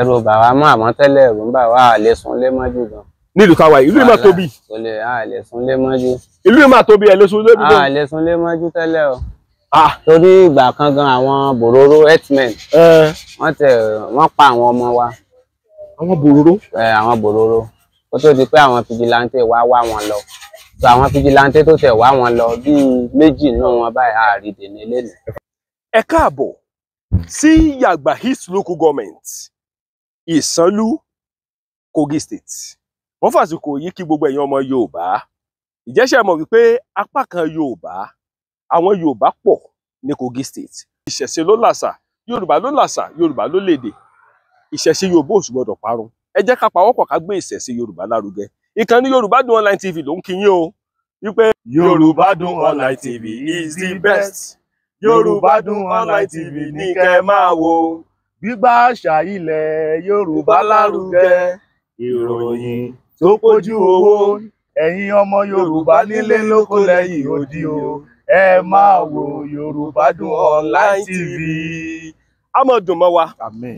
ẹ̀rù ò bà wá mọ́ àmọ́ tẹ́lẹ̀ ẹ̀rù ń bà wá àlẹ́ sunlé mọ́jú gan. nílùú káwa ìlú yìí máa tóbi. àlẹ́ sunlé mọ́jú. ìlú yìí máa tóbi àlẹ́ sunlé mọ́jú. àlẹ́ sunlé mọ́jú tẹ́lẹ̀ o. torí ìgbà kan gan àwọn bòróró herdsmen wọ́n tẹ wọ́n pa àwọn ọmọ wa. àwọn bòróró. àwọn bòróró kó tó di pé àwọn fìjìláńtẹ̀ wa wá wọn lọ so àwọn fìjìláńtẹ̀ tó tẹ̀ wá wọn lọ bíi méjì náà wọn báyìí àárín dèní lẹ́nu. ẹ káàbọ̀ sí Yagba East Local Government ìsánlú kogi state wọn fàsìkò yìí kí gbogbo ẹ̀yin ọmọ yorùbá ìjẹsẹ mọ̀ wípé apá kan yorùbá àwọn yorùbá pọ̀ ní kogi state ìṣẹ̀ṣe ló làṣà yorùbá ló làṣà yorùbá ló lédè ìṣẹ̀ṣe yorùbá ò sì gbọdọ̀ parun ẹ jẹ́ ká pawọ́pọ̀ ká gbé ìṣẹ̀ṣe yorùbá lárugẹ ìkànnì yorùbá dùn online tv ló ń kí yín o wípé. yorùbá dùn online tv is the best yorùbá dùn online tv ní kẹ́ máa wo gbígbá àṣà ilẹ̀ yorùbá lárugẹ ìròyìn tó pójú owó ẹ̀yin ọmọ yorùbá nílé lóko lẹ́yìn odi o ẹ máa wo yorùbá dùn online tv a mọ dùn mọ́ wa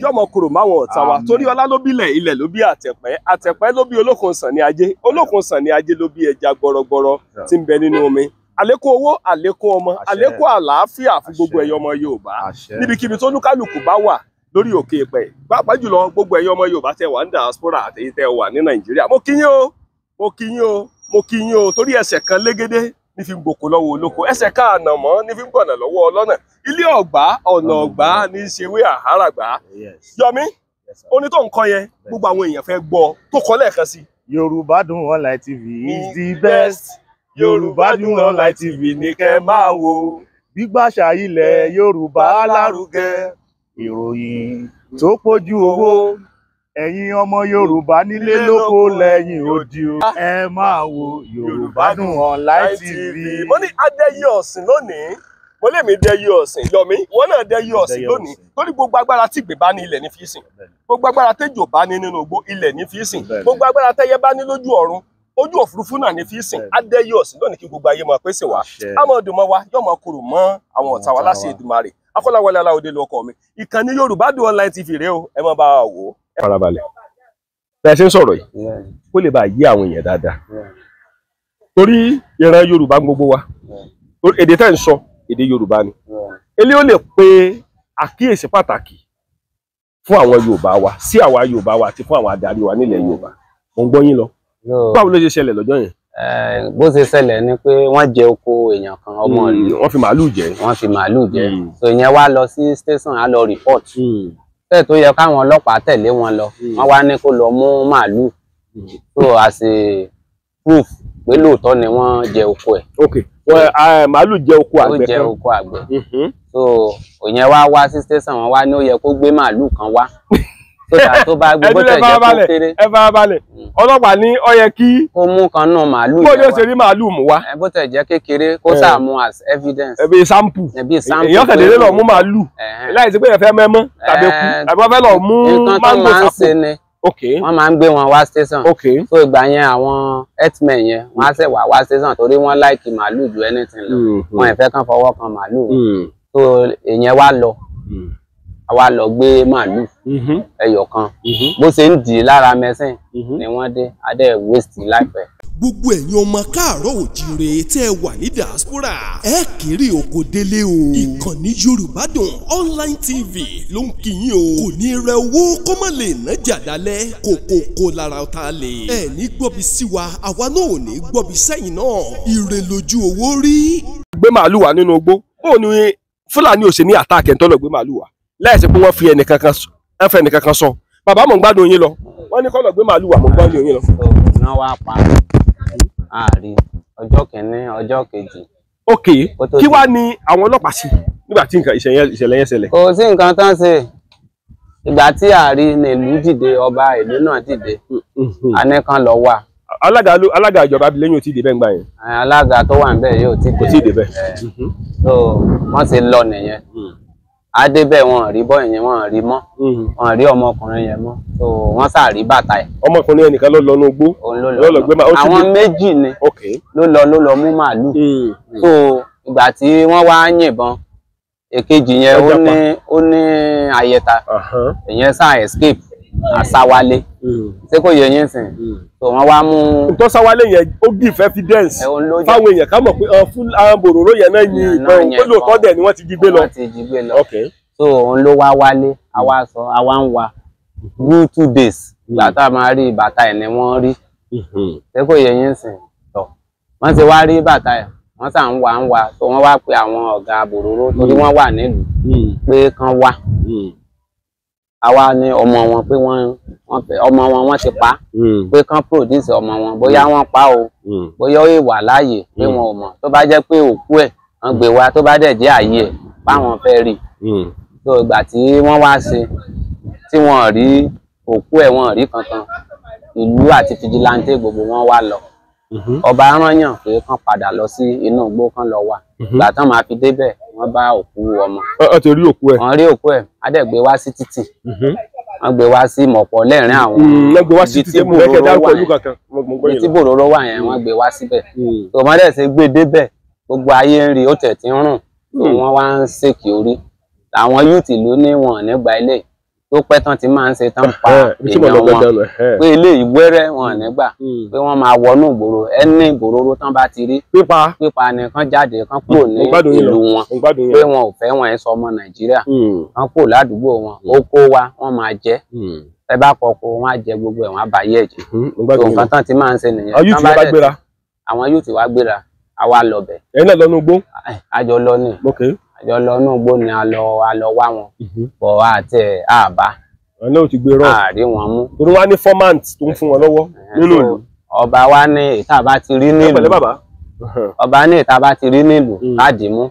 yóò mọ kúrò máwọn ọ̀tá wa torí ọlá ló bílẹ̀ ilẹ̀ ló bí àtẹ̀pẹ́ àtẹ̀pẹ́ ló bí olókun sàn ní ajé olókun sàn ní ajé ló bí ẹja gbọrọgbọrọ tí ń bẹ nínú omi àlékún owó àlékún ọmọ àlékún àlàáfíà fún gbogbo ẹyọ ọmọ yorùbá níbikíbi tó lúkálùkù bá wà lórí òkè ìpẹ pàápàá jùlọ gbogbo ẹyọ ọmọ yorùbá tẹ wà ní diaspora àtẹyí wà ní nàìjíríà mo kí o mo kí o mo kí o torí ẹsẹ̀ kan légédé ní fi gbòkó lọ́wọ́ olóko ẹsẹ̀ ká ànàmọ́ ní fi lọ́wọ́ ọlọ́nà ilé ọgbà ọ̀nà ọgbà ní àhàràgbà. yọmí oní gbogbo àwọn èèyàn fẹ gbọ tó yorùbá dùn ìròyìn tó pójú owó ẹ̀yin ọmọ yorùbá nílé lóko lẹ́yìn odi o ẹ máa wo yorùbá dùn online tv. mo ní adẹ́yẹ ọ̀sìn lónìí mo lè mi dẹ́yẹ ọ̀sìn yọmi wọn náà dẹ́yẹ ọ̀sìn lónìí torí gbogbo agbára tí ìgbé bá ní ilẹ̀ ní fi sìn gbogbo agbára tẹ́jọ bá ní nínú ògbó ilẹ̀ ní fi sìn gbogbo agbára tẹ́yẹ bá ní lójú ọ̀run ojú òfurufú náà ní fi sìn adẹ́yẹ ọ̀sìn lónìí kí gbogbo ayé máa pèsè wá àmọ́ ọdún mọ́ wa yóò máa kúrò mọ́ àwọn ọ̀tá wa láṣẹ Èdùmàrè akọ́láwọlé aláwọ̀dé lu ọkọ mi ìkànnì yorùbá dùn online tv rèé o ẹ má bá a wò ó. farabalẹ̀ bẹ́ẹ̀ ṣe ń sọ̀rọ̀ yìí kó lè bá yí àwọn èèyàn dáadáa torí ìran yorùbá gbogbo wa èdè tẹ́ ń sọ èdè yorùbá ni eléyìí ó lè pe àkíyèsí pàtàkì fún àwọn yorùbá wa sí àwa yorùbá wa àti fún àwọn adarí wa nílẹ̀ yorùbá mo ń gbọ́ yín lọ báwo ló ṣe ṣẹlẹ̀ lọ́jọ́ yẹn Eh, bó ṣe ṣẹlẹ̀ ni pé wọ́n jẹ oko èèyàn kan ọmọ hmm, ìlú wọ́n fi màálù jẹ wọ́n fi màálù jẹ hmm. so ìyẹn wá lọ sí station á lọ report tẹ́ẹ̀ hmm. tó yẹ káwọn ọlọ́pàá tẹ̀lé wọn lọ wọ́n wá ní kó lọ mú màálù so as a proof pé lóòótọ́ ni wọ́n jẹ oko ẹ̀. ok eh, màálù jẹ oko àgbẹ̀ kan ó jẹ oko àgbẹ̀ mhm. so ìyẹn wá wá sí station wọn wá ní ó yẹ kó gbé màálù kan wá sódà tó bá gbogbo tẹ̀jẹ̀ kó kéré. ẹ fara balẹ̀ ọlọ́pàá ní ó yẹ kí. kó mú kan náà màálù yẹn wá bóyá ó ṣe rí màálù mú wá. bó tẹ̀jẹ̀ kékeré kó sàmú as evidence. ẹbí sample ẹbí sample èyàn kẹ̀lé lọ mú màálù láì sí pé èèyàn fẹ́ mẹ́mọ́ tàbí kú tàbí wọ́n fẹ́ lọ mú mango sample wọ́n máa ń gbé wọn wá station tó ìgbà yẹn àwọn herdsmen yẹn wọ́n á ṣẹ̀ wá wá station torí wọ́n láìkì màálù ju anything lọ hmm. wọn ì fẹ́ kàn fọwọ́ kan màálù tó hmm. èèyàn wá lọ hmm a wá lọ gbé màálù mm-hmm. ẹyọ kan mm-hmm. bó ṣe ń dì í lára mẹsìn mm-hmm. ni wọ́n dé adé waste láìpẹ́ gbogbo ẹ̀yin ọmọ káàárọ̀ òjìrè tẹ́ ẹ wà ní diaspora ẹ kéré oko délé o. ìkànnì yorùbá dùn online tv ló ń kíyìn o. kò ní rẹ owó kó má lè ná jàdálẹ̀ kókókó lára ta lè. ẹ ní gbọ́bi sí wa àwa náà ò ní gbọ́bi sẹ́yìn náà. ire lójú owó rí. gbé màálù wá nínú igbó bóun ni fúlàní ò ní àtàkẹ́ ń tọ́lọ̀ gbé màálù wá láìsí pé wọ́n fi ẹnìkan kan wọ́n fẹ́ ẹnìkan kan sọ bàbá mò ń gbádùn yín lọ wọ́n ní kọ́lọ̀ gbé màálù wà mò ń gbádùn yín lọ. iná wá pa àárín ọjọ́ kìíní ọjọ́ kejì. ok kí wàá ní àwọn ọlọ́pàá sí nígbà tí nǹkan ìṣẹ̀lẹ̀ yẹn ṣẹlẹ̀. kò sí nǹkan tán ṣe ìgbà tí àárín nílùú dìde ọba ìlú náà dìde mm-hmm. anẹ́kan lọ wà alága alága ìjọba abilé yóò ti dé bẹ́ẹ̀ ń gbà yẹn. alága tó wà ń bẹ̀ yóò ti dé bẹ́ẹ̀. so wọ́n ti lọ nìyẹn. Mm adébẹ̀ wọn rí bọ́ọ̀ yẹn wọn rí mọ́ hmm. wọn rí ọmọkùnrin yẹn mọ́ so wọ́n sàrí bàtà ẹ̀. ọmọkùnrin yẹn nìkan ló lọ lógbó ló lọ gbé máa. àwọn méjì ni ló lọ ló lọ mú màálù hmm. so ìgbà tí wọ́n wá yìnbọn èkejì yẹn ó ní ó ní àyẹ̀ta ìyẹn sá escape àsáwálé hmm. ṣé kò yẹ yín sìn tó hmm. wọn wá mú. tó sáwálé yẹn ó give evidence fáwọn èèyàn ká mọ̀ pé àwọn uh, uh, bòròró yẹn náà ní ìbọn ó lóòótọ́ dẹ̀ ni wọ́n ti jí gbé lọ. wọ́n ti jí gbé lọ so òun ló wá wálé àwa sọ àwa ń wa rule two days ìgbà tá a máa rí bàtà ẹ̀ ni wọ́n rí hmm. ṣé kò yẹ yín sìn tọ̀ wọ́n ti wá rí bàtà ẹ̀ wọ́n sà ń wa ń wa tó wọ́n wá pe àwọn ọ̀gá bòròró torí wọ́n wà nílùú pé kán wá àwa ni ọmọ wọn pé wọ́n wọ́n fẹ́ ọmọ wọn wọ́n ti pa hmm. pé kán produce ọmọ wọn bóyá wọ́n pa o hmm. bóyá ó wà láàyè pé hmm. wọn ò mọ̀ tó bá jẹ́ pé òkú ẹ̀ wọ́n gbé wa tó bá dẹ̀ jẹ́ àyè ẹ̀ báwọn fẹ́ rí tó ìgbà tí wọ́n wá ṣe tí wọ́n rí òkú ẹ̀ wọ́n rí kankan ìlú àti fìjìláńtẹ́ gbogbo wọn wá lọ. Mm-hmm. ọba aráyàn pé kán padà lọ sí inú igbó kán lọ wà mm-hmm. gbàtán máa fi débẹ̀ wọ́n bá òkú ọmọ. ọ ti rí òkú ẹ. wọ́n rí òkú ẹ adẹgbẹ wá sí títì mm-hmm. wọ́n gbé wá sí mọ̀pọ̀ lẹ́rìn àwọn mm, ibi tí bòróró wà yẹn ibi tí bòróró wà yẹn wọ́n gbé wá síbẹ̀ mm. tòmọdé ṣe gbé débẹ̀ gbogbo ayé ń rí ó tẹ̀ tí ń rùn mm. wọ́n wá ń ṣèkì orí àwọn yúùtì ló ní wọn nígbà ilé tó pẹ́ tán ti máa ń ṣe tán pa eh, èèyàn wọn eh. pé ilé ìwẹ́rẹ́ wọn nígbà hmm. hmm. pé wọ́n máa wọnú ìgboro ẹni ìgboro tán bá ti rí pípa pípa nìkan jáde kan kúrò hmm. ní ìlú wọn pé wọn ò fẹ́ wọn ẹ̀ sọ ọmọ nàìjíríà kan kúrò ládùúgbò wọn oko wa wọ́n máa jẹ ẹ bá kọkọ wọn á jẹ gbogbo ẹ̀ wọ́n á bà yẹ jẹ tó nǹkan tán ti máa ń ṣe nìyẹn àwọn yóò ti wá gbéra àwa lọ bẹ̀. náà lọ ní ugbó. àjọ lọ ní àjọ lọ inú igbó ni a lọ a lọ wá wọn bọ àti àbá àwọn náà ti gbé rọ àárí wọn mú torí wá ní fọmant tó ń fún wọn lọ́wọ́ nínú ìlú ọba wa ní ìta bá ti rí nílùú ọba ní ìta bá ti rí nílùú àdìmú mm.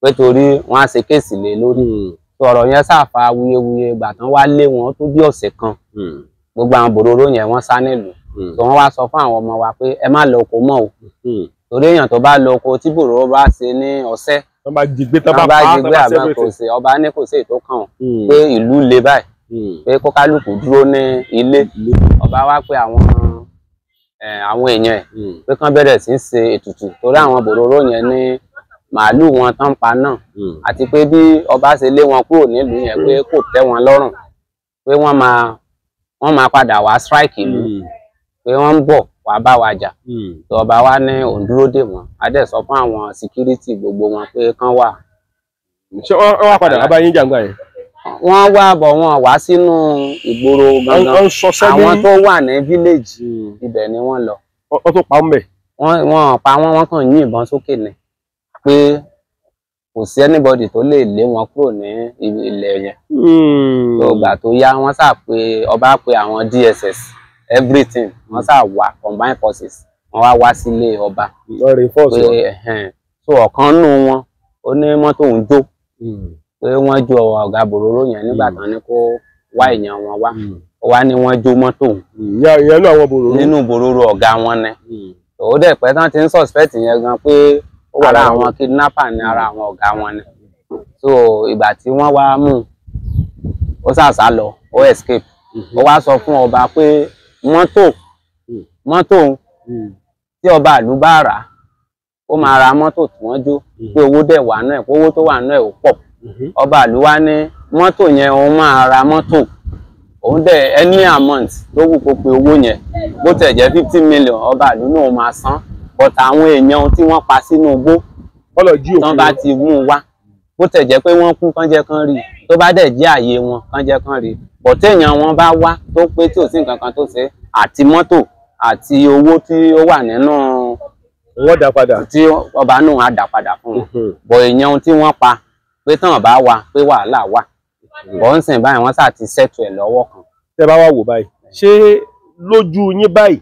pé torí wọn á ṣe kéèsì lé lórí mm. ọ̀rọ̀ yẹn ṣàfà wuyewuye ìgbà tán wá lé wọn tó bí ọ̀sẹ̀ kan mm. gbogbo àwọn bòróró yẹn wọn sá nílùú tó wọn wá sọ fún àwọn ọmọ wa pé ẹ má lọ oko mọ́ o torí èèyàn tó bá lọ oko tí bòróró bá ṣe ní ọ̀sẹ̀ tán bá jí gbé tán bá pa tán bá ṣẹ́gbẹ́ kò sí ọba ní kò sí ètò kan hmm. pé ìlú le báyìí hmm. pé kó kálukú dúró ní ilé ọba wá pé àwọn eh, àwọn èèyàn ẹ̀ hmm. pé kán bẹ̀rẹ̀ sí ṣe ètùtù torí àwọn bòróró yẹn ní màálù wọn tán pa náà àti pé bí ọba ṣe lé wọn kúrò nílùú yẹn pé kò tẹ́ wọn lọ́rùn pé wọ́n máa wọ́n máa padà wá strike ìlú pé wọ́n ń bọ̀ wàá bá wa jà hmm. tó ọba wa ní òun dúró dè wọ́n a dẹ̀ sọ fún àwọn síkírítì gbogbo wọn pé kán wà. ṣé wọ́n wá padà bá yín yẹn. wọ́n wá bọ̀ wọ́n wá sínú ìgboro gangan àwọn tó wà ní fíléèjì hmm. ibẹ̀ ni wọ́n lọ. wọ́n tó pa wọn bẹ̀. wọ́n pa wọn wọ́n kàn yín ìbọn sókè ni pé kò sí anybody tó lè lé wọn kúrò ní ilẹ̀ yẹn. tó hmm. gbà tó yá wọ́n sà ọba pe àwọn DSS everything mm. wọ́n sá wá combine forces wọ́n wá wá sílé ọba. lọ́ọ̀rì force? wọn. so ọ̀kan nù wọn ó ní mọ́tò ń jó mm. pé wọ́n ju ọ̀gá bòróró yẹn nígbà mm. tán ni kó wá èèyàn wọn wá wá ní wọ́n jó mọ́tò. ìyá ìyá ló àwọn bòróró. nínú bòróró ọ̀gá wọn ni. òun dẹ̀ pẹ́ tán ti ń suspect yẹn gan pé ara àwọn kidnapper ni ara àwọn ọ̀gá wọn ni. so ìgbà tí wọ́n wá mú un ó sàṣà lọ ó escape mm-hmm. ó wá sọ fún ọba pé mọ́tò hmm. mọ́tò hmm. tí ọba ìlú bá rà á ó máa ra mọ́tò tí wọ́n jó hmm. pé owó dẹ̀ wà náà owó tó wà náà ò pọ̀ ọba ìlú wa ní mọ́tò yẹn òun máa ra mọ́tò òun dẹ̀ any amount tó wù kó pe owó yẹn bó tẹ̀ jẹ́ fifty million ọba ìlú náà máa san ọ̀tà àwọn èèyàn tí wọ́n pa sínú igbó tán bá ti mú un wá bó tẹ̀ jẹ́ pé wọ́n kú kán jẹ́ kán rí tó bá dẹ̀ jẹ́ àyè wọn kán jẹ́ kán rí bọ̀tẹ́yàn wọn bá wá tó pé tí ò sí nǹkan kan tó ṣe àti mọ́tò àti owó tí ó wà nínú wọ́n dá padà tí ọba náà á dá padà fún wọn mm-hmm. bọ̀ èèyàn tí wọ́n pa pé tán bá wa pé wàhálà wà bọ̀ ń sìn báyìí wọ́n sà ti ṣètò ẹ̀ lọ́wọ́ kan. tẹ bá wà wò báyìí ṣé lójú yín báyìí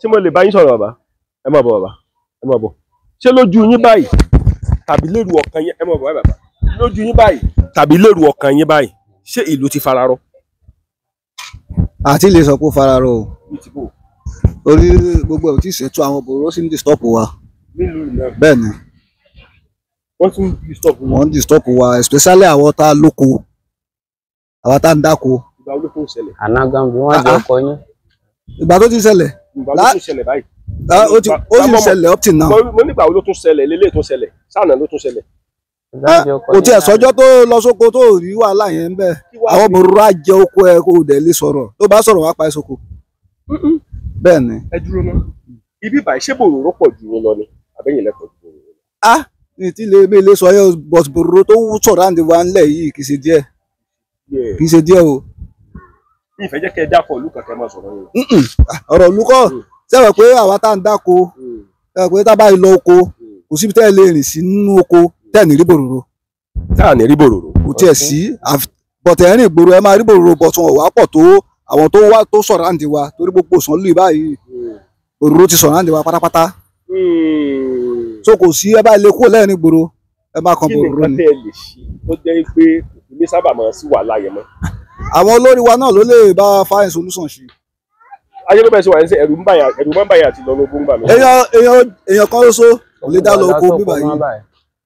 tí mo lè bá yín sọ̀rọ̀ bàbá ẹ má bọ̀ bàbá ẹ má bọ̀ ṣé lójú yín báyìí tàbí lérò ọkàn yín ẹ má bọ̀ bàbá lójú yín báyìí tàbí lérò ọkàn yín báyìí ṣé ìlú ti fararọ àti lè sọ pé ó fara rọ o orí gbogbo ẹ̀ ò tí ì ṣètò àwọn bòrò ó sì ń distop wa bẹ́ẹ̀ ni wọ́n tún distop wa wọ́n distop wa especially àwọn tá a lóko àwọn tá a ń dáko. ìgbà wo ló tó ń ṣẹlẹ̀. ànágán bí wọ́n ah, jẹ́ ọkọ ah. yín. ìgbà tó ti ṣẹlẹ̀. ìgbà tó ti ṣẹlẹ̀ báyìí. Ah, ó ti ṣẹlẹ̀ up till now. mo nígbà wo ló tún ṣẹlẹ̀ lélẹ́ẹ̀ tó ṣẹlẹ̀ sáà náà ló tún ṣẹlẹ̀. Ah, kò tiẹ̀ sọ́jọ́ tó lọ sóko tó rí wàhálà yẹn ń bẹ̀ àwọn bòrúra jẹ oko ẹ kó o dẹ̀ lè sọ̀rọ̀ tó bá sọ̀rọ̀ wá pa ẹ sóko. bẹ́ẹ̀ ni. ẹ dúró ná ibi báyìí ṣé bòròró pọ̀ jù lọ ni àbẹ́yìn lẹ́kọ̀ọ́ jù lọ. a ah, ní tí lè mi lè sọ yẹ but bòròró tó sọ̀rọ̀ àǹdí wa ńlẹ̀ yìí kì í ṣe díẹ̀ kì í ṣe díẹ̀ o. mi ìfẹ́ jẹ́ kẹ́ ẹ dákọ̀ olú kankan máa sọ̀rọ̀ yẹn. ọ̀rọ̀ olú kọ́ sẹ́wọ̀n mm. pé àwa tá à ń dáko mm. a bá lọ oko mm. kò síbi tẹ́ ẹ lè rìn sí nínú oko tẹ́ ní rí bòròrò. tá à ní rí bòròrò. kò tiẹ̀ sí bọ̀tẹ̀ ẹ̀rín ìgboro ẹ máa rí bòròrò bọ̀tún ọ̀wá pọ̀ tó àwọn tó wá tó sọ̀rọ̀ àǹdí wa torí gbogbo sàn lù báyìí bòròrò ti sọ̀rọ̀ àǹdí wa pátápátá. Hmm. so kò sí ẹ bá lè kó lẹ́yìn ìgboro ẹ máa kan bòròrò ni. kí ni nǹkan tẹ́ ẹ lè ṣe tó jẹ́ pé ilé sábà máa sí wàhálà yẹn mọ́. àwọn olórí wa náà ló lè bá fáyẹn solúsàn ṣe ajẹ́lú bẹ́ẹ̀ sọ wà ní sẹ́ ń báyà ẹ̀rù ń báyà àti lọ́lọ́gbọ́n gbà mí. èèyàn kan ló so kò lè dá lọ oko yìí.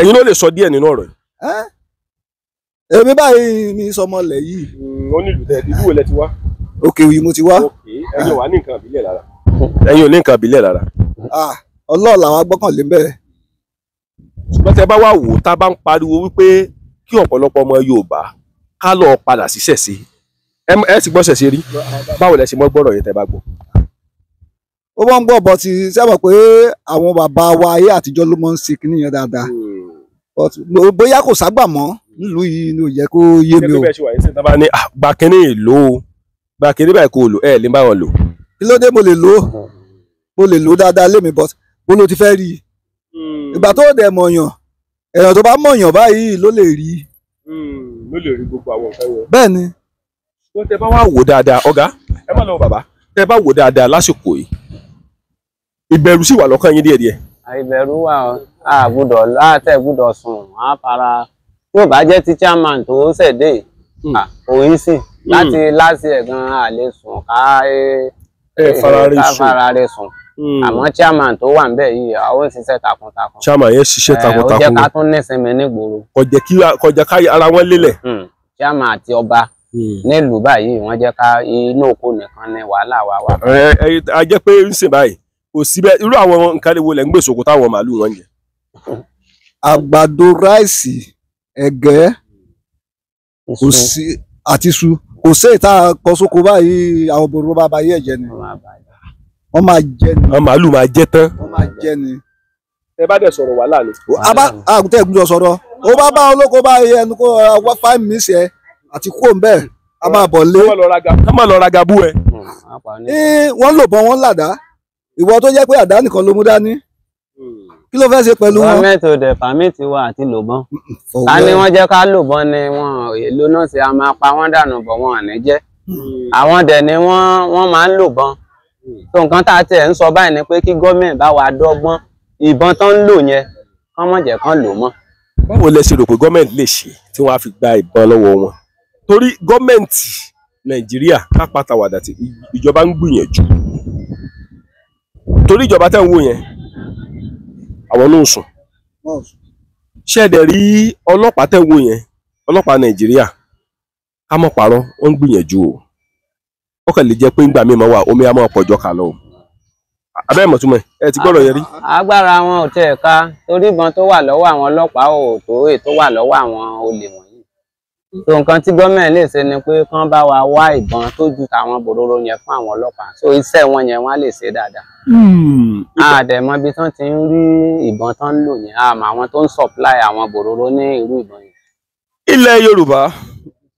ẹ̀yin ló lè sọ díẹ̀ nínú ọ̀rọ̀ yìí. èmi báyìí ni sọmọlẹ̀ yìí. ó mm, ní ìlú tẹ ìlú wo lẹ ti wá. òkè òyìn mo ti wá. ẹ̀yin wà ní nǹkan àbílẹ̀ lára. ẹ̀yin ò ní nǹkan àbílẹ̀ lára. ọlọ́ọ̀ làwọn agbọ́kànlé bẹ́ẹ̀. ṣùgbọ́n tẹ bá wà wò tá a bá ń pariwo wípé kí ọ̀pọ̀lọpọ̀ ọmọ Yorùbá ká lọ padà síṣẹ̀ṣe ẹ ti gbọ́ ṣẹ̀ṣe rí báwo lẹ ṣe mọ́ gbọ́rọ̀ yẹn tẹ bá gbọ́ ó bọ́ ń gbọ́ bọ́ ti sẹ́wọ̀n pé àwọn bàbá wa ayé àtijọ́ ló máa ń ṣe kínní yẹn dáadáa bóyá kò ságbà mọ́ nílùú yìí ni ò yẹ kó yé mi o. gba kínní ìlú o gba kínní báyìí kò lò ẹ lè bá wọn lò. kí ló dé mo lè lò ó mo lè lò ó dáadáa lémi bọ́ bó ló ti fẹ́ rí i hmm. ìgbà tó dẹ̀ mọ̀yàn èèyàn tó bá mọ̀yàn báyìí ló lè rí i. Hmm, ló lè rí gbogbo àwọn nǹkan yẹn. bẹ́ẹ̀ ni. tó tẹ bá wà wò dáadáa ọ̀gá ẹ má lọ bàbá tẹ bá wò dáadáa lásìkò yìí ìbẹ̀rù sì wà lọ́kàn yín díẹ̀díẹ̀. ìbẹ̀rù wà á gbúdọ̀ láàtẹ̀ gbúdọ̀ sùn á para tí ò bá jẹ́ ti chairman tó ṣẹ̀dé hmm. òyìn sì hmm. láti láti ẹ̀gan àlè sùn ká e, e, fara rẹ̀ sùn hmm. àmọ́ chairman tó wà níbẹ̀ yìí àwọn ṣiṣẹ́ takuntakun. chairman yẹn ṣiṣẹ́ takuntakun. ó jẹ́ ká tún nísinmi nígboro. kò ká ara wọn lélẹ̀. chairman àti ọba nílùú báyìí wọ́n jẹ́ ká inú oko nìkan ni wàhálà wa wà. ẹ ẹ a pé ń báyìí kò síbẹ̀ irú àwọn nǹkan wo lẹ́ ń gbèsò kó táwọn màálù wọn jẹ. àgbàdo ráìsì ẹ̀gẹ́ kò sí àti iṣu kò sí ìta kọsókó báyìí àwọn obìnrin bá bayé ẹ̀jẹ̀ ni wọ́n máa jẹ ni. àwọn màálù máa jẹ tán. wọ́n máa jẹ ni. ẹ bá dẹ̀ sọ̀rọ̀ wàhálà ni. àgùntàn ẹ̀gbọ́n sọ̀rọ̀ ó bá bá olóko bá yẹ ẹnu kó uh, wá five minutes yẹ àti kó ń bẹ́ẹ̀ a máa bọ̀ lé. kọ́mọ̀ lọ ra gabu ẹ. Hmm, wọ́n lò bọ́ wọ́n làdá ìwọ tó jẹ́ pé àdá nìkan ló mú dání kí ló fẹ́ ṣe pẹ̀lú wọn. gọ́ọ̀mẹ̀ntì ò dẹ̀ fàmìtì wa àti lòbọ́n ká ní wọ́n jẹ́ ká lòbọ́n ni wọn èlò náà ṣe a máa pa wọ́n dànù bọ̀ wọn àní jẹ́ àwọn dẹ̀ ni wọ́n wọ́n máa ń lòbọ́n tó nǹkan tá a tiẹ̀ ń sọ báyìí ni pé kí gọ́ọ̀mẹ̀ntì bá wa dọ́gbọ́n ìbọn tó ń lò yẹn kán mọ̀ jẹ́ kán lò mọ́. báwo lẹ ṣe rò pé gọ́ọ̀mẹ̀ntì lè ṣe tí wọ́n á fi gba ìbọn lọ́wọ́ wọn torí gọ́ọ̀mẹ̀ntì nàìjíríà ká torí ìjọba tẹ́ ń wò yẹn àwọn náà sùn ṣé ẹ dẹ̀ rí ọlọ́pàá tẹ́ ń wò yẹn ọlọ́pàá nàìjíríà ká mọ̀ parọ́ wọ́n ń gbìyànjú o ó kàn lè jẹ́ pé ńgbà míì máa wà omi á máa pọ̀jọ́ kà lọ o abẹ́ ìmọ̀túnmọ̀ ẹ ti gbọ́dọ̀ yẹn rí. agbára wọn ò tẹ̀ ká torí ìbọn tó wà lọ́wọ́ àwọn ọlọ́pàá ò tó èyí tó wà lọ́wọ́ so nǹkan tí gọ́ọ̀mẹ̀ntì lè ṣe ni pé kán bá wa wá ìbọn tó ju tàwọn bòróró yẹn fún àwọn ọlọ́pàá so iṣẹ́ wọn yẹn wọ́n lè ṣe dáadáa. àdẹ̀mọ́ hmm. ibi tán ti ń rí ìbọn tán ń lò yẹn àmọ́ àwọn tó ń supply àwọn bòróró ní irú ìbọn yẹn. ilẹ̀ yorùbá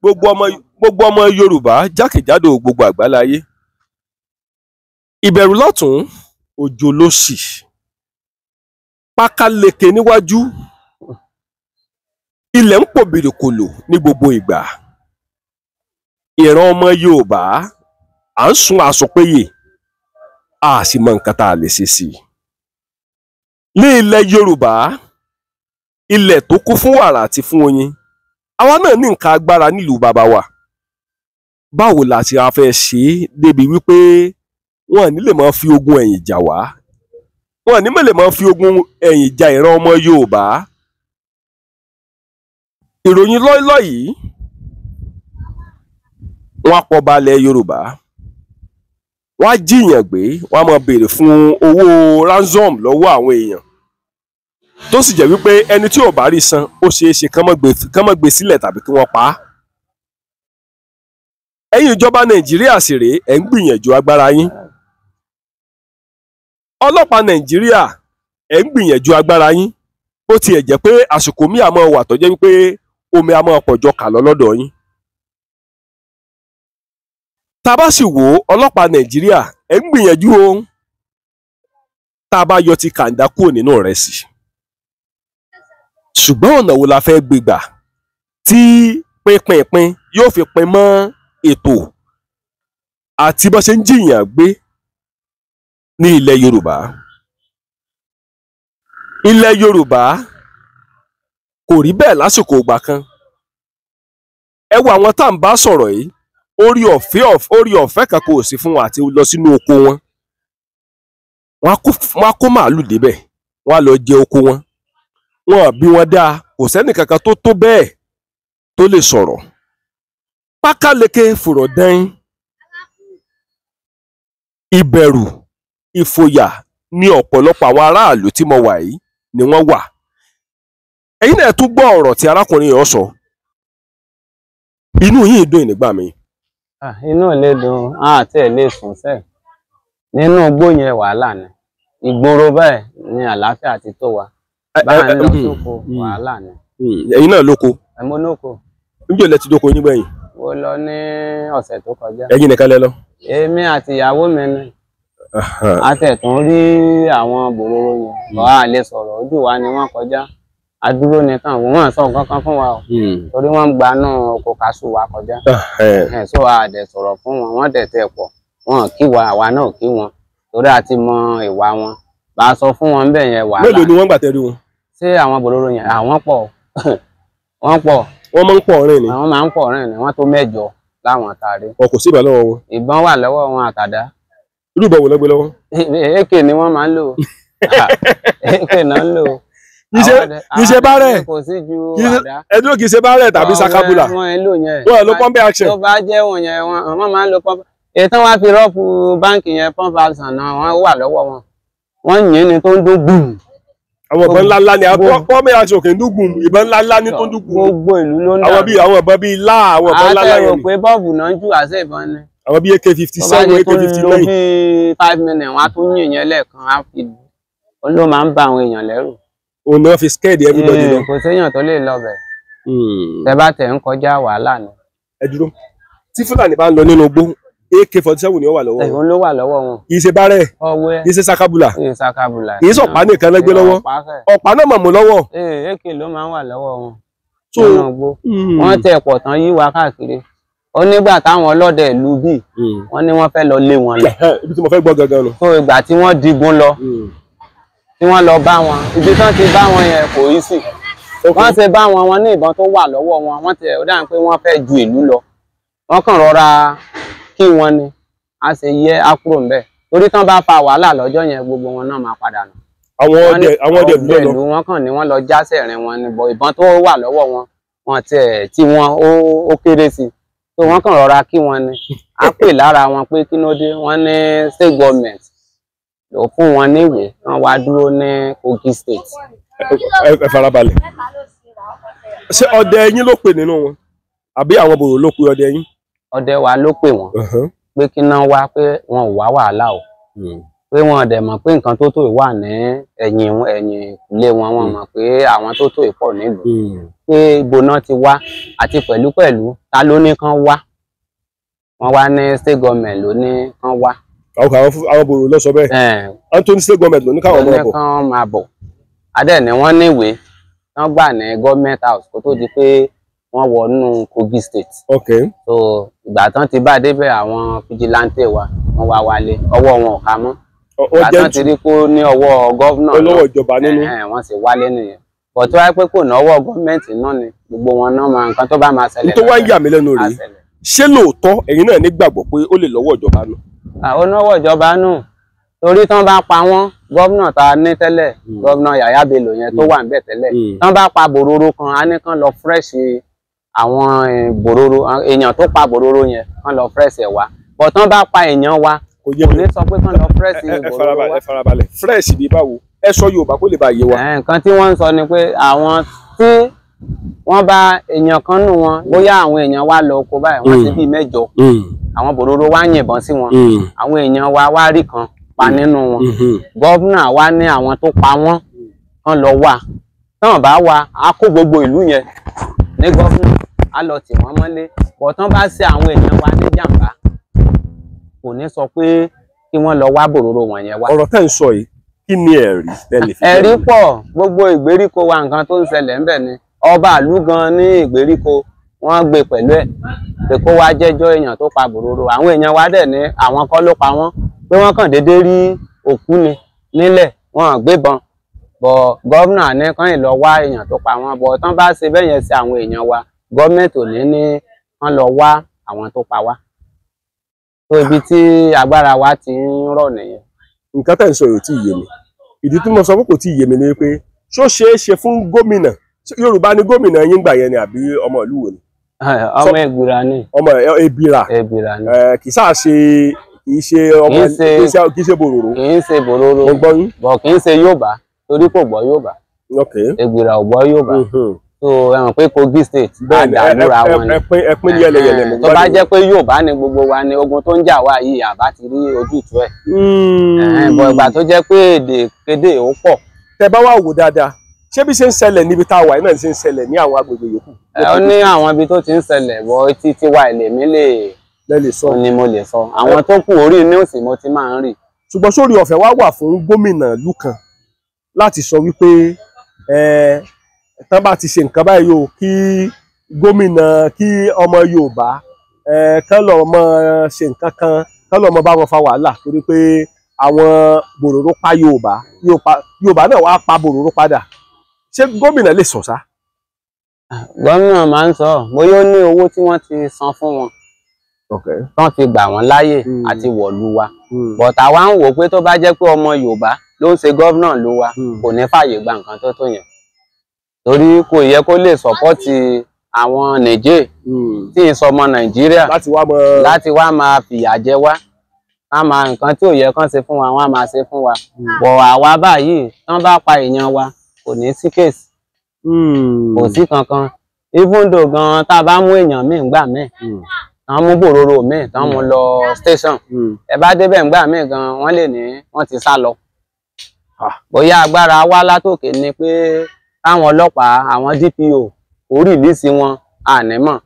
gbogbo ọmọ gbogbo ọmọ yorùbá jákèjádò gbogbo àgbáláyé ìbẹ̀rù lọ́tún òjò ló sì pákáleke níwájú ilẹ̀ ń pò bìrìkòlò ní gbogbo ìgbà ìran ọmọ yorùbá à ń sun àsopéye a sì mọ nǹkan tá a lè ṣe sí i ní ilẹ̀ yorùbá ilẹ̀ tó kún fún wàrà àti fún oyin àwa náà ní nǹkan agbára nílùú bàbá wa báwo la ti a fẹ́ ṣe é débi wípé wọn ní lè máa fi ogun ẹ̀yìn jà wá wọn ní lè máa fi ogun ẹ̀yìn jà ìran ọmọ yorùbá ìròyìn lọ́ọ́lọ́ yìí wọ́n á pọba ilẹ̀ yorùbá wọ́n á jíyàn gbé wọ́n á máa béèrè fún owó ransom lọ́wọ́ àwọn èèyàn tó sì jẹ́ wípé ẹni tí ò bá rí san ó ṣeé ṣe kán mọ́ gbé sílẹ̀ tàbí kí wọ́n pa á ẹ̀yin ìjọba nàìjíríà sì rèé ẹ̀ ń gbìyànjú agbára yín ọlọ́pàá nàìjíríà ẹ̀ ń gbìyànjú agbára yín bó tiẹ̀ jẹ́ pé àsìkò míì àmọ́ wà tó jẹ́ wípé omi a máa pọ̀jọ kà lọ lọ́dọ̀ yín tá a bá sì wò ó ọlọ́pàá nàìjíríà ẹ̀ ń gbìyànjú o tá a bá yọ ti kàńdá kúrò nínú ìrẹsì ṣùgbọ́n ọ̀nà wo la fẹ́ gbé gbà tí pínpínpín yóò fi pín mọ́ ètò àti bó ṣe ń jìyàn gbé ní ilẹ̀ yorùbá ilẹ̀ yorùbá kò rí bẹ́ẹ̀ lásìkò ìgbà kan ẹ wo àwọn tá à ń bá sọ̀rọ̀ yìí orí ọ̀fẹ́ orí ọ̀fẹ́ kan kò sí fún wọn àti lọ sínú oko wọn wọn á kó màálù débẹ̀ wọn á lọ jẹ oko wọn wọn bí wọn dáa kò sẹ́nìkankan tó tó bẹ́ẹ̀ tó lè sọ̀rọ̀ pákáleke fùrọ̀ dẹ́n ìbẹ̀rù ìfòyà ní ọ̀pọ̀lọpọ̀ àwọn aráàlú tí mo wà yìí ni wọ́n wà ẹ̀yin náà tún gbọ́ ọ̀rọ̀ tí arákùnrin yẹn sọ inú yìí dùn nígbà mi. inú ò lè dùn àti ẹ̀ lè sùn sẹ́ẹ̀ nínú igbó yẹn wàhálà ni ìgboro báyìí ni àlàáfíà ti tó wa báyìí lọ sóko hmm, hmm. wàhálà ni. Hmm, ẹ̀yin náà lóko. ẹ̀mọ́ lóko. níjọ́ lẹ ti dóko yín gbẹ̀yìn. mo lọ ní ọ̀sẹ̀ tó kọjá. ẹ̀yin nìkan lẹ lọ. èmi àti ìyàwó mi ni a tẹ̀ tún rí àwọn bòróró yẹn wàá lè sọ̀rọ̀ ojú wa ni wọ́n kọjá. àdúgbò nìkan òun wọn sọ nǹkan kan fún wa o hmm. torí wọn ń gba náà oko kaṣu wa kọjá ah, ẹ sọ àdẹ sọ̀rọ̀ fún wọn wọn tẹtẹ pọ wọn kí wa àwa náà kí wọn torí a ti mọ ìwà wọn bá a sọ fún wọn bẹ́ẹ̀ yẹn wàhálà mélòó ni wọn gbà tẹrí wọn. ṣé àwọn bòlóró yẹn àwọn ah, pọ̀ wọn pọ̀. wọn máa ń pọ̀ ọ̀rẹ́ ni. àwọn máa ń pọ̀ ọ̀rẹ́ ni wọn tó mẹ́jọ láwọn àtàrí. wọn kò sí ìbọn lọ́wọ́ wọn. ìbọn wà lọ́wọ́ wọn àtàdá. irú ìbọn wò lọ́gbẹ́ lọ́wọ́. èké ni wọ́n máa ń lò ah, èké náà ń lò kìíṣe bárẹ̀ ẹdúró kìíṣe bárẹ̀ tàbí sakabula wọ́n lo pọ́ńpẹ́ action. tó bá jẹ́ wọn yẹn wọn àwọn máa ń lo pọ́ńpẹ́ ètò wọn fi rọ́ọ̀pù báǹkì yẹn pọ́ńpẹ́ action náà wọ́n wà lọ́wọ́ wọn wọ́n yìn ní tó ń dún gbùm. àwọn ìbọn ńlá ńlá ni pọ́ńpẹ́ action kì í dún gbùm ìbọn ńlá ni tó ń dún gbùm. gbogbo ìlú ló ń dà àwọn ìbọn bíi lá àwọn ìbọn ńlá yẹn ni. àtẹ̀rò pé ń àwọn bíi ak fifty seven ak fifty nine. tó bá di tó ń lo bíi five minutes wọn á tún yìn yẹn lẹ́ẹ̀kan á fi ló máa ń ba àwọn èèyàn lẹ́rù òun náà fi scared everybody náà. Hmm, kò séèyàn tó lè lọ bẹ̀. Hmm. tẹ bá tẹ̀ ń kọjá wàhálà ni. ẹ dúró tí fúlàní bá ń lọ nínú igbó AK47 ni ó wà lọ́wọ́ wọn. òun ló wà lọ́wọ́ wọn. kì í ṣe bárẹ̀. ọwọ́ ẹ kì í sakabula. kì í sakabula. kì í sọ̀pá nìkan lẹ́gbẹ́ lọ́wọ́. ọ̀pá náà mọ̀ mú lọ́wọ́. ee eh, AK ló máa ń wà lọ́wọ́ wọn. tó hmm. wọn tẹ ẹ̀pọ̀ tán yí wa káàkiri ó nígbà táwọn ọlọ́dẹ ìlú bíi wọ́n ní wọ́n fẹ́ lọ lé wọn lọ. ibi tí mo fẹ́ gbọ́ gangan lọ. tó ìgbà tí wọ́n digun lọ tí wọ́n lọ bá wọn ibi tán ti bá wọn yẹn kò rí sí wọ́n ṣe bá wọn wọn ní ìbọn tó wà lọ́wọ́ wọn wọ́n ti ọ̀dà pé wọ́n fẹ́ ju ìlú lọ wọ́n kàn rọra kí wọn ni a ṣe yẹ á kúrò ńbẹ̀ torí tán bá fa wàhálà lọ́jọ́ yẹn gbogbo wọn náà máa padà nù. àwọn ọdẹ àwọn ọdẹ ló lọ wọn kàn ní wọ́n lọ jásẹ rìn wọn ni bọ ìbọn tó wà lọ́wọ́ wọn wọn tiẹ̀ tí wọn ó kéré sí so wọ́n kàn rọra kí wọn ni á pè lára wọn pé kí ló dé wọ́n ní state government lò fún wọn níwèé wọn wá dúró ní Kogi state. ẹ farabalẹ̀ ṣé ọdẹ yín ló pè nínú wọn àbí àwọn bòrò ló pe ọdẹ yín. ọdẹ wa ló pè wọn uh-huh. pé kí náà wá pé wọn ò wá wàhálà o hmm. pé wọn dẹ̀ mọ̀ pé nǹkan tó tó yìí wà ní ẹ̀yìn ẹ̀yìn ilé wọn wọn hmm. mọ̀ pé àwọn tó tó yìí pọ̀ nílùú hmm. pé ibo náà ti wá àti pẹ̀lú pẹ̀lú ta ló ní kán wá wọn wá ní state government ló ní kán wá àwọn àwọn bòrò lọ sọ bẹ́ẹ̀ Anthony state government ló ní káwọn ọmọ bọ. kan máa bọ̀ adé ni wọ́n níwèé wọ́n gbà ní government house kó tó di pé wọ́n wọnú Kogi state. okay. so ìgbà tán ti bá débẹ̀ àwọn fijilantè wa wọ́n wá wálé ọwọ́ wọn ò ká mọ́. ìgbà tán ti rí kó ní ọwọ́ gọ́vnà náà olówó ìjọba nínú. wọ́n sì wálé nìyẹn bọ̀ tó wáyé pé kò náwó gọ́ọ̀mẹ̀ntì náà ni gbogbo wọn náà máa nǹkan tó bá máa ṣẹlẹ̀. nítorí wá ń yà mí lẹ́nu rèé ṣé lóòótọ́ ẹ̀yin náà nígbàgbọ́ pé ó lè lọ́wọ́ ìjọba náà àwọn náwó ìjọba nù torí tán bá pa wọn gómìnà tá a ní tẹ́lẹ̀ hmm. gómìnà Yàyà Bello yẹn tó hmm. wà níbẹ̀ tẹ́lẹ̀ hmm. tán bá pa bòróró kan á ní kán lọ fírẹ́ṣì àwọn eh, bòróró èèyàn tó pa bòróró yẹn kán lọ fírẹ́ṣì ẹ̀ wá bọ̀ tán bá pa èèyàn wa kò yé mi sọ pé kán lọ fírẹ́ṣì bòróró wa ẹ farabalẹ̀ fírẹ́ṣì bíi báwo ẹ sọ Yorùbá kó lè bá yé wa. Eh, nǹkan tí wọ́n ń sọ ni pé àwọn tí wọ́n bá èèyàn kan nù wọn bóyá àwọn èèyàn wa lọ oko báyìí wọ́n ti bíi mẹ́jọ àwọn bòróró wá yìnbọn sí wọn hmm. àwọn èèyàn wa wá rí kan pa hmm. nínú wọn hmm. gọ́vnà wa ní àwọn tó pa wọ́n kán lọ wá tán bá wa a kó gbogbo ìlú yẹn ní gọ́vnà a lọ tì wọ́n mọ́lé bọ̀ tán bá ṣe àwọn èèyàn wa ní jàǹbá kò ní sọ pé kí wọ́n lọ wá bòróró wọn yẹn wá. ọ̀rọ̀ tẹ́ ń sọ yìí kí ni ẹ̀rí tẹ́lẹ̀ fi. ẹ̀rí pọ̀ gbogbo ìgbèríko wa nǹkan tó ń ṣẹlẹ̀ ńbẹ̀ ni ọba àlú gan ní ìgbèríko wọ́n gbé pẹ̀lú ẹ̀ pé kó wá jẹ́jọ́ èèyàn tó pa bòròrò àwọn èèyàn wa dẹ̀ ní àwọn kọ́ ló pa wọ́n pé wọ́n kàn déédéé rí òkú ni nílẹ̀ wọ́n gbébọn bọ̀ gọ́vnà ní kàn lọ wá èèyàn tó pa wọ́n bọ̀ tán bá ṣe bẹ́yẹn sí àwọn èèyàn wa gọ́ọ̀mẹ̀ntì ò ní ní kàn lọ wá àwọn tó pa wá tó ibi tí agbára wa ti ń rọ̀ nìyẹn. nǹkan tẹ́ ń sọ yóò tí ì yé mi ìdí tí mo sọ fún kò tí ì yé mi ni pé ṣó ṣeé ṣe fún gómìnà yorùbá ni gómìnà yín gbà yẹn ni àbí ọmọ ìlú wo ni. ọmọ Ẹ̀gbìrà ni ọmọ Ẹ̀bìrà Ẹ̀bìrà ni kì í sáà ṣe kì í ṣe ọmọ kì í ṣe bòròrò kì í ṣe bòròrò bọ̀ kì í ṣe Yorùbá torí kò mhm. ẹ pé Kogi state bá jẹ́ pé ni gbogbo wa ni ogun tó ń jà wá yìí àbá ti rí ojútùú ẹ̀ hmm. bọ̀ ìgbà tó pé èdè kéde ó pọ̀ tẹ bá wà ṣé bí ṣe ń ṣẹlẹ̀ níbi tá a wà náà ṣe ń ṣẹlẹ̀ ní àwọn agbègbè yòókù. ẹ ó ní àwọn ibi tó ti ń ṣẹlẹ̀ bọ́ títí wa ìlèmí lè lè sọ ni mo lè sọ àwọn tó kù orí news mo ti máa ń rí. ṣùgbọ́n sórí ọ̀fẹ́ wá wà fún gómìnà ìlú kan láti sọ wípé tán bá ti ṣe nǹkan báyìí o kí gómìnà kí ọmọ Yorùbá kán lọ mọ ṣe nǹkan kan kán lọ mọ bá wọn fa wàhálà torí pé àwọn bòròró pa Yorùbá Yorùbá náà wàá pa bòròró padà ṣé gómìnà lè sọ sá. gómìnà máa ń sọ bóyá ó ní owó tí wọ́n ti san fún wọn tán fi gbà wọ́n láàyè hmm. àti wọ̀lú wa hmm. bọ̀tà wa ń wò pé tó bá jẹ́ pé ọmọ Yorùbá ló ń ṣe gómìnà ló wa hmm. kò ní fààyè gba nǹkan tó tó yẹn torí kò yẹ kó lè sọpọ́tì àwọn nìjẹ́ tí ń sọmọ Nàìjíríà láti wá máa fìyà jẹ wá a máa nǹkan tí ò yẹ kán ṣe fún wa wọ́n á máa ṣe fún wa bọ̀ àwa báyìí tán bá pa èèyàn wa kò ní sí kéèsì hmm. kò sí kankan ìfúndò gan tá a bá mú èèyàn míì ngbà míì àwọn hmm. mú bòróró míì tán mú hmm. lọ station ẹ bá débẹ̀ ngbà míì gan wọ́n lè ní wọ́n ti sá lọ bóyá agbára wá látòkè ni pé táwọn ọlọ́pàá àwọn DPO kò rìlíìsì wọn ànímọ̀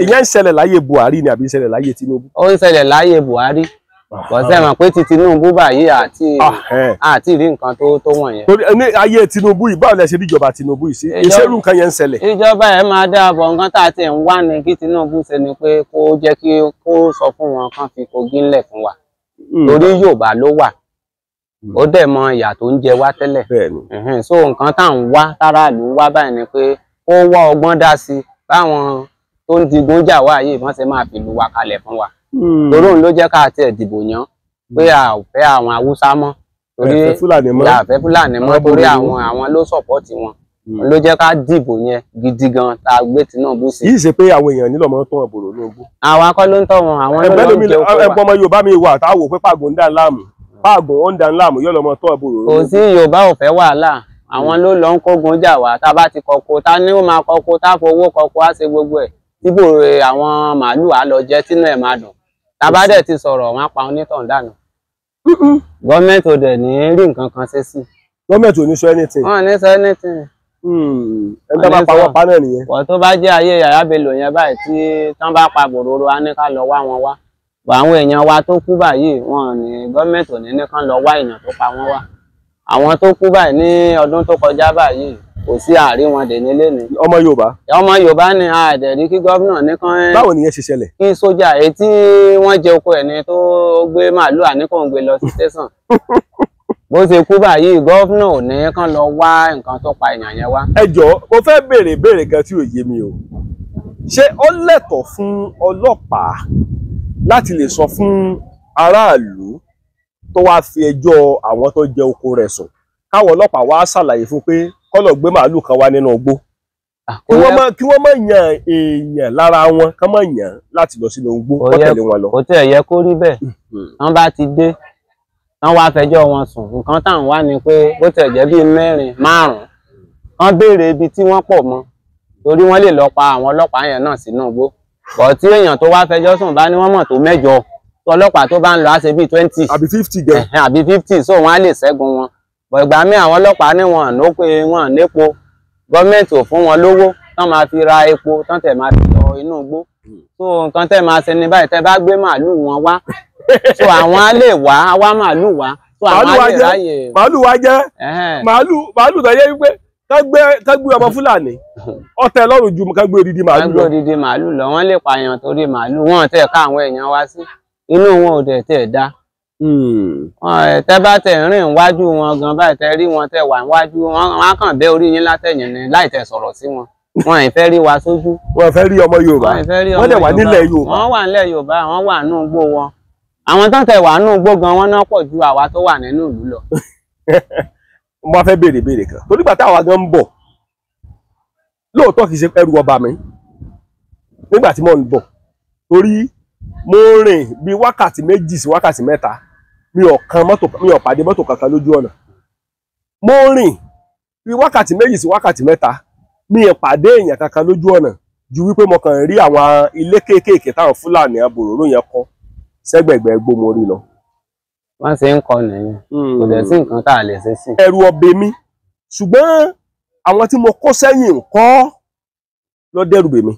ìyẹn ń ṣẹlẹ̀ láyé Buhari ni àbí ń ṣẹlẹ̀ láyé Tinubu. ó ń ṣẹlẹ̀ láyé Buhari Ah, bọ̀sẹ̀ mọ̀ pé ti Tinubu báyìí àti ah, àti ìrí nǹkan tó tó wọ̀nyẹn. torí ní ayé Tinubu yìí báwo lẹ ṣe níjọba Tinubu yìí sí ìṣerú nǹkan yẹn ń ṣẹlẹ̀. ìjọba ẹ máa dá àbọ̀ nǹkan tá a ti ń wá ni kí Tinubu ṣe ni pé kó jẹ́ kí kó sọ fún wọn kán fi Kogi ńlẹ̀ fún wa hmm. torí Yorùbá ló wà hmm. ó dẹ̀ mọ ìyà tó ń jẹ wá tẹ́lẹ̀ so nǹkan tá à ń wá táráàlú wá báyìí ni pé kó wá ọgbọ́n dá sí báwọn tó ń digun jà wá yìí wọ́n ṣe máa fi lu wa kalẹ̀ fún wa hmm. torí òun ló jẹ́ ká tiẹ̀ dìbò yàn pé a ò fẹ́ àwọn haúsá mọ́ torí a fẹ́ fúlàní mọ́ torí àwọn àwọn ló sọ̀pọ̀tì wọn hmm. ló jẹ́ ká dìbò yẹn gidi gan tá a gbé Tinubu sí. yìí ṣe pé àwọn èèyàn nílò ọmọ tó ń bòrò lóògùn. àwọn akọ́ ló ń tọ̀ wọn àwọn ló ń jẹ́ òkú wa. ẹgbẹ́ ọmọ Yorùbá mi wà táwọn òpin pàgùn ń dà láàmú pàgùn ń dà láàmú yọ́ lọ́mọ tó ń bòrò kò sí Yorùbá ò fẹ́ wàhálà àwọn hmm. ló lọ ń kógun jà wá tá a bá ti kọ̀kọ̀ ta ni ó máa kọ̀kọ̀ tá a fowó kọ̀kọ̀ á ṣe gbogbo ẹ̀ ibo àwọn màálù á lọ jẹ tínú ẹ máa dùn tàbá dẹ ti sọ̀rọ̀ wọn á pa onítàn dànù gọọmẹǹtì ò dẹ ní rí nǹkan kan ṣe sí. gọọmẹǹtì ò ní sọ anything. wọn ò ní sọ anything. Hmm. ẹni tó bá pa wọn pa náà nìyẹn. wọ́n tó bá jẹ́ ayé yàrá belò yẹn báyìí tí tán bá pa bòròrò á ní ká lọ wá wọn wá àwọn èèyàn wa tó kú báyìí wọn ò ní ò ní ní kán lọ wá èèyàn tó pa wọn wá àwọn tó kú báyìí ní ọdún tó kọjá báyìí kò sí àárín wọn dè nílé ni. ọmọ yorùbá. ọmọ yorùbá ni àdẹ̀rí kí gómìnà nìkan. Eh, báwo nìyẹn ṣe ṣẹlẹ̀. kí sójà èyí tí wọ́n jẹ oko ẹ̀ ni tó gbé màálù àníkàngbé lọ sí tẹ̀sán bó ṣe kú báyìí gómìnà ò ní kán lọ wá nǹkan tó pa èèyàn yẹn wá. ẹ jọ̀ọ́ mo fẹ́ béèrè béèrè kan tí ò yé mi o ṣé ó lẹ́tọ̀ọ́ fún ọlọ́pàá láti lè sọ fún aráàlú tó wáá fi ẹjọ́ àwọn tó jẹ oko rẹ̀ sùn káwọn ọlọ́pàá wá ṣàlàyé fún pé kọ́lọ̀ gbé màálù kan wá nínú igbó ah, kí wọ́n mọ̀ yàn èèyàn lára wọn kán mọ̀ yàn láti lọ sínú igbó kọ́ tẹ̀lé wọn lọ. kò tẹ̀ yẹ kó rí bẹ́ẹ̀ hmm. wọ́n bá ti dé wọ́n wá fẹjọ́ wọn sùn nǹkan táwọn wá ni pé bó tẹ̀ jẹ́ bíi mẹ́rin márùn-ún wọ́n béèrè ibi tí wọ́n pọ̀ mọ́ torí wọ́n lè lọ pa àwọn ọlọ́pàá yẹn náà sínú igbó bọ̀ tí èèyàn tó wá fẹjọ́ sùn bá ní wọ́n mọ̀ tó mẹ́jọ ọlọ́pàá tó bá ń lọ á ṣe bíi twenty àbí fifty gan àbí fifty so wọ́n á lè ṣẹ́gun wọn bọ̀ ìgbà míì àwọn ọlọ́pàá ní wọn nópin wọn népo gọ́ọ̀mẹ̀ntì ò fún wọn lówó tán máa fi ra epo tán tẹ̀ máa fi lọ inú igbó so nǹkan tẹ̀ máa ṣe ní báyìí tẹ́ bá gbé màálù wọn wá so àwọn á lè wá á wá màálù wá so àwọn á lè ráyè. màálù wa jẹ́ màálù màálù tó yẹ wípé kán gbé ọmọ fúlàní ọ̀tẹ̀ lọ́rùn ju kán odidi màálù lọ. kán odidi màálù lọ wọ́n lè pààyàn torí màálù wọ́n tẹ̀ ká àwọn èèyàn wá sí inú wọn ò dẹ̀ tẹ̀ dáa Hmm. tẹ bá tẹ rìn wájú wọn gan báyìí tẹ rí wọn tẹ wà wájú wọn wọn kàn bẹ́ orí yín látẹ̀yìn ni láì tẹ sọ̀rọ̀ sí wọn wọn ì fẹ́ rí wa sójú. wọn fẹ́ rí ọmọ yorùbá wọn dẹ̀ wà nílẹ̀ yorùbá wọn wà nílẹ̀ yorùbá wọn wà nínú igbó wọn àwọn tó ń tẹ wà nínú igbó gan wọn náà pọ̀ ju àwa tó wà nínú ìlú lọ. mo fẹ́ béèrè béèrè kan torí gbà táwa gan ń bọ̀ lóòótọ́ kì í ṣe ẹrù ọba mi nígbà tí mo ń bọ̀ torí mo rìn bí wákàtí méjì sí wákàtí mẹ́ta mi ò kan mọ́tò mi ò pàdé mọ́tò kankan lójú ọ̀nà mo rìn bí wákàtí méjì sí wákàtí mẹ́ta mi ò pàdé èèyàn kankan lójú ọ̀nà ju wípé mo kàn rí àwọn ilé kéékèèké táwọn fúlàní abòròró yẹn kọ́ sẹ́gbẹ̀gbẹ̀ gbomori lọ. wọ́n ṣe ń kọ nìyẹn kò dẹ̀ sí nǹkan tá a lè ṣe sí. ẹ̀rù ọbẹ̀ mi ṣùgbọ́n àwọn tí mo kó sẹ́yìn ń kọ́ lọ́dẹ̀rù bèmi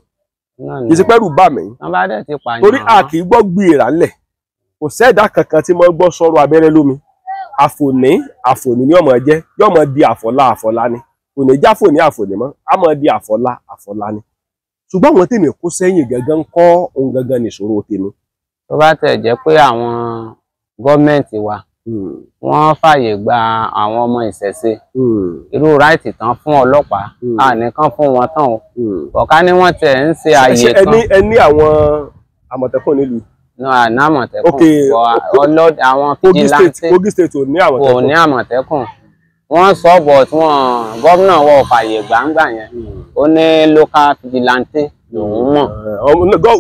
ìsìpẹ́rù bà mí torí a kì í gbọ́ gbìyànjú ńlẹ̀ kò sẹ́ẹ̀dá kankan tí mo gbọ́ sọ̀rọ̀ abẹ́rẹ́ lómi àfòní àfòní ni ọmọ jẹ́ yóò mọ di àfọ̀lá àfọ̀lá ni kò ní já fòní àfòní mọ́ a mọ di àfọ̀lá àfọ̀lá ni ṣùgbọ́n àwọn tèmi kó sẹ́yìn gangan kọ́ ohun gangan nìṣòro tèmi. tó bá tẹ̀ jẹ́ pé àwọn gọ́ọ̀mẹ̀ntì wa Hmm. wọ́n fàyè gba àwọn ọmọ ìṣẹ̀ṣe hmm. irú ráìtì tán fún ọlọ́pàá ànìkan hmm. fún wọn tán o ọ̀ká ni wọ́n tẹ̀ ń ṣe àyè kan. ẹ ní àwọn àmọ̀tẹ́kùn nílùú. no àná àmọ̀tẹ́kùn ọlọ́dẹ àwọn fìjìláńtì Kogi state ò ní àmọ̀tẹ́kùn. ò ní àmọ̀tẹ́kùn wọ́n sọ bọ̀ tí wọ́n gómìnà wọ fàyè gbàǹgbà yẹn ó ní local fìjìláńtì lòun mọ̀.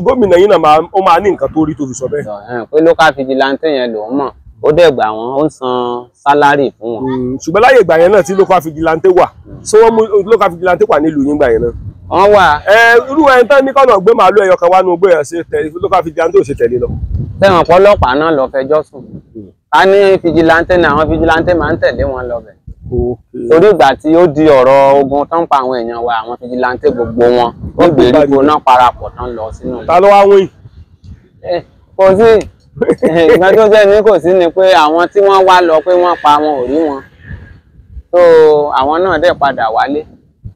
gómìnà yìí náà ó máa ní nǹkan tó rí tó fi sọ bẹ́ẹ̀. pé local fìjìláńtì yẹn lòun mọ̀ ó dẹ̀ gbà wọ́n ó ń san sálárì fún wọn. Hmm, ṣùgbọ́n láyé ìgbà yẹn náà tí local vigilante wà hmm. ṣé wọ́n mú local vigilante wà nílùú yín gbà yẹn náà. wọ́n wà. ẹ irú ẹni tán ní kọ́nà gbé màálù ẹyọ kan wá nu gbé ẹ̀ṣẹ̀ tẹ local vigilante ò ṣe tẹ̀lé lọ. tẹ̀wọ̀n pọ́lọ́pàá náà lọ fẹjọ́ sùn hmm. a ní vigilante ni àwọn vigilante máa ń tẹ̀lé wọn lọ bẹ̀. torí ìgbà tí ó di ọ̀rọ̀ ogun tán pa àwọn èèyàn wa àwọn vigilante gbogbo wọn ó gbèríko náà parapọ̀ tán lọ sínú. ta ló wá wín. Eh, kò sí nǹkan tó jẹ́ ní kò sí ni pé àwọn tí wọ́n wá lọ pé wọ́n pa wọn ò rí wọn tó àwọn náà dẹ̀ padà wálé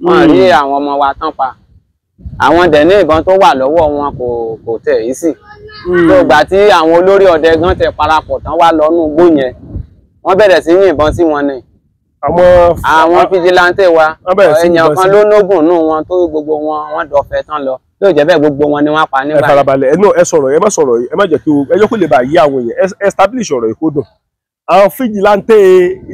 wọ́n rí hmm. àwọn ọmọ wa tán pa àwọn dẹ̀ ní ìbọn tó wà lọ́wọ́ wọn kò kò tẹ̀ yìí sì hmm. tó gbà tí àwọn olórí ọdẹ gan tẹ parapọ̀ tán wá lọ́nú igbó yẹn wọ́n bẹ̀rẹ̀ sí yìnbọn sí wọn ni àwọn fijilantẹ wa èèyàn kan ló nógùn nù wọn tó gbogbo wọn wọn dọ̀fẹ́ tán lọ tí ò jẹ́ bẹ́ẹ̀ gbogbo wọn ni wọ́n pa nígbà. ẹ farabalẹ̀ ẹ náà ẹ sọ̀rọ̀ ẹ má sọ̀rọ̀ ẹ má jẹ́ kí o ẹ jẹ́ kó lè bá yí àwọn èèyàn ẹ establish ọ̀rọ̀ yìí kó dùn. àwọn fíjìláńtẹ́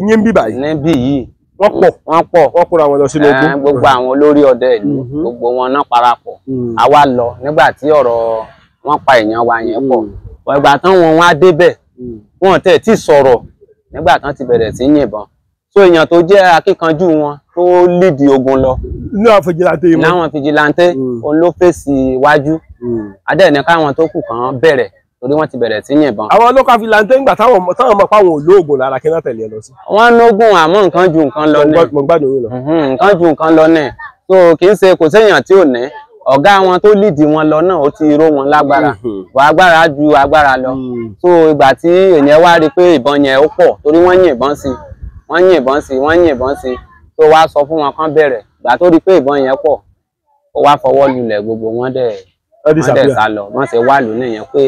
yín bíbà yìí. níbí yìí wọ́n pọ̀ wọ́n pọ̀ wọ́n kóra wọn lọ sínú ogun. gbogbo àwọn olórí ọdẹ ìlú mhm. gbogbo wọn náà parapọ̀ àwa mhm. lọ nígbà tí ọ̀rọ̀ wọn pa èèyàn wa yẹn pọ̀ mhm. ìgbà tán wọn wá débẹ̀ wọn tẹ̀ tí sọ̀rọ̀ nígbà tán ti bẹ̀rẹ̀ sí yìnbọn so èèyàn tó jẹ́ akíkanjú wọn tó lídi ogun lọ. láwọn fìjìláńtẹ yìí mọ láwọn fìjìláńtẹ hmm. òun ló fèsì iwájú hmm. adẹ́ẹ̀ni káwọn tó kù kàn bẹ̀rẹ̀ torí wọ́n ti bẹ̀rẹ̀ sí yìnbọn. àwọn local vigilante ń gbà táwọn mọ̀ páwọn ò lóògùn lára kí náà tẹ̀lé ẹ lọ sí. wọ́n lóògùn àmọ́ nǹkan ju nǹkan lọ náà. mo gbádùn yín lọ. Mhm, nǹkan ju nǹkan lọ náà so kì í ṣe kò séèyàn tí ò ní ọ̀gá wọn tó lídì wọn lọ náà ó ti ró wọn lágbára hmm. wà agbára ju agbára lọ so ìgbà tí ènìyàn wá rí i pé ìbọn yẹn ó pọ̀ torí wọ́n yìnbọn sí wọ́n yìnbọn sí wọ́n yìnbọn sí tó wá sọ fún wọn kán bẹ̀rẹ̀ gbà tó rí pé ìbọn yẹn pọ̀ ó wá fọwọ́ lulẹ̀ gbogbo wọn dẹ̀ wọ́n dẹ̀ sá lọ wọ́n ṣe wà lónìí yẹn pé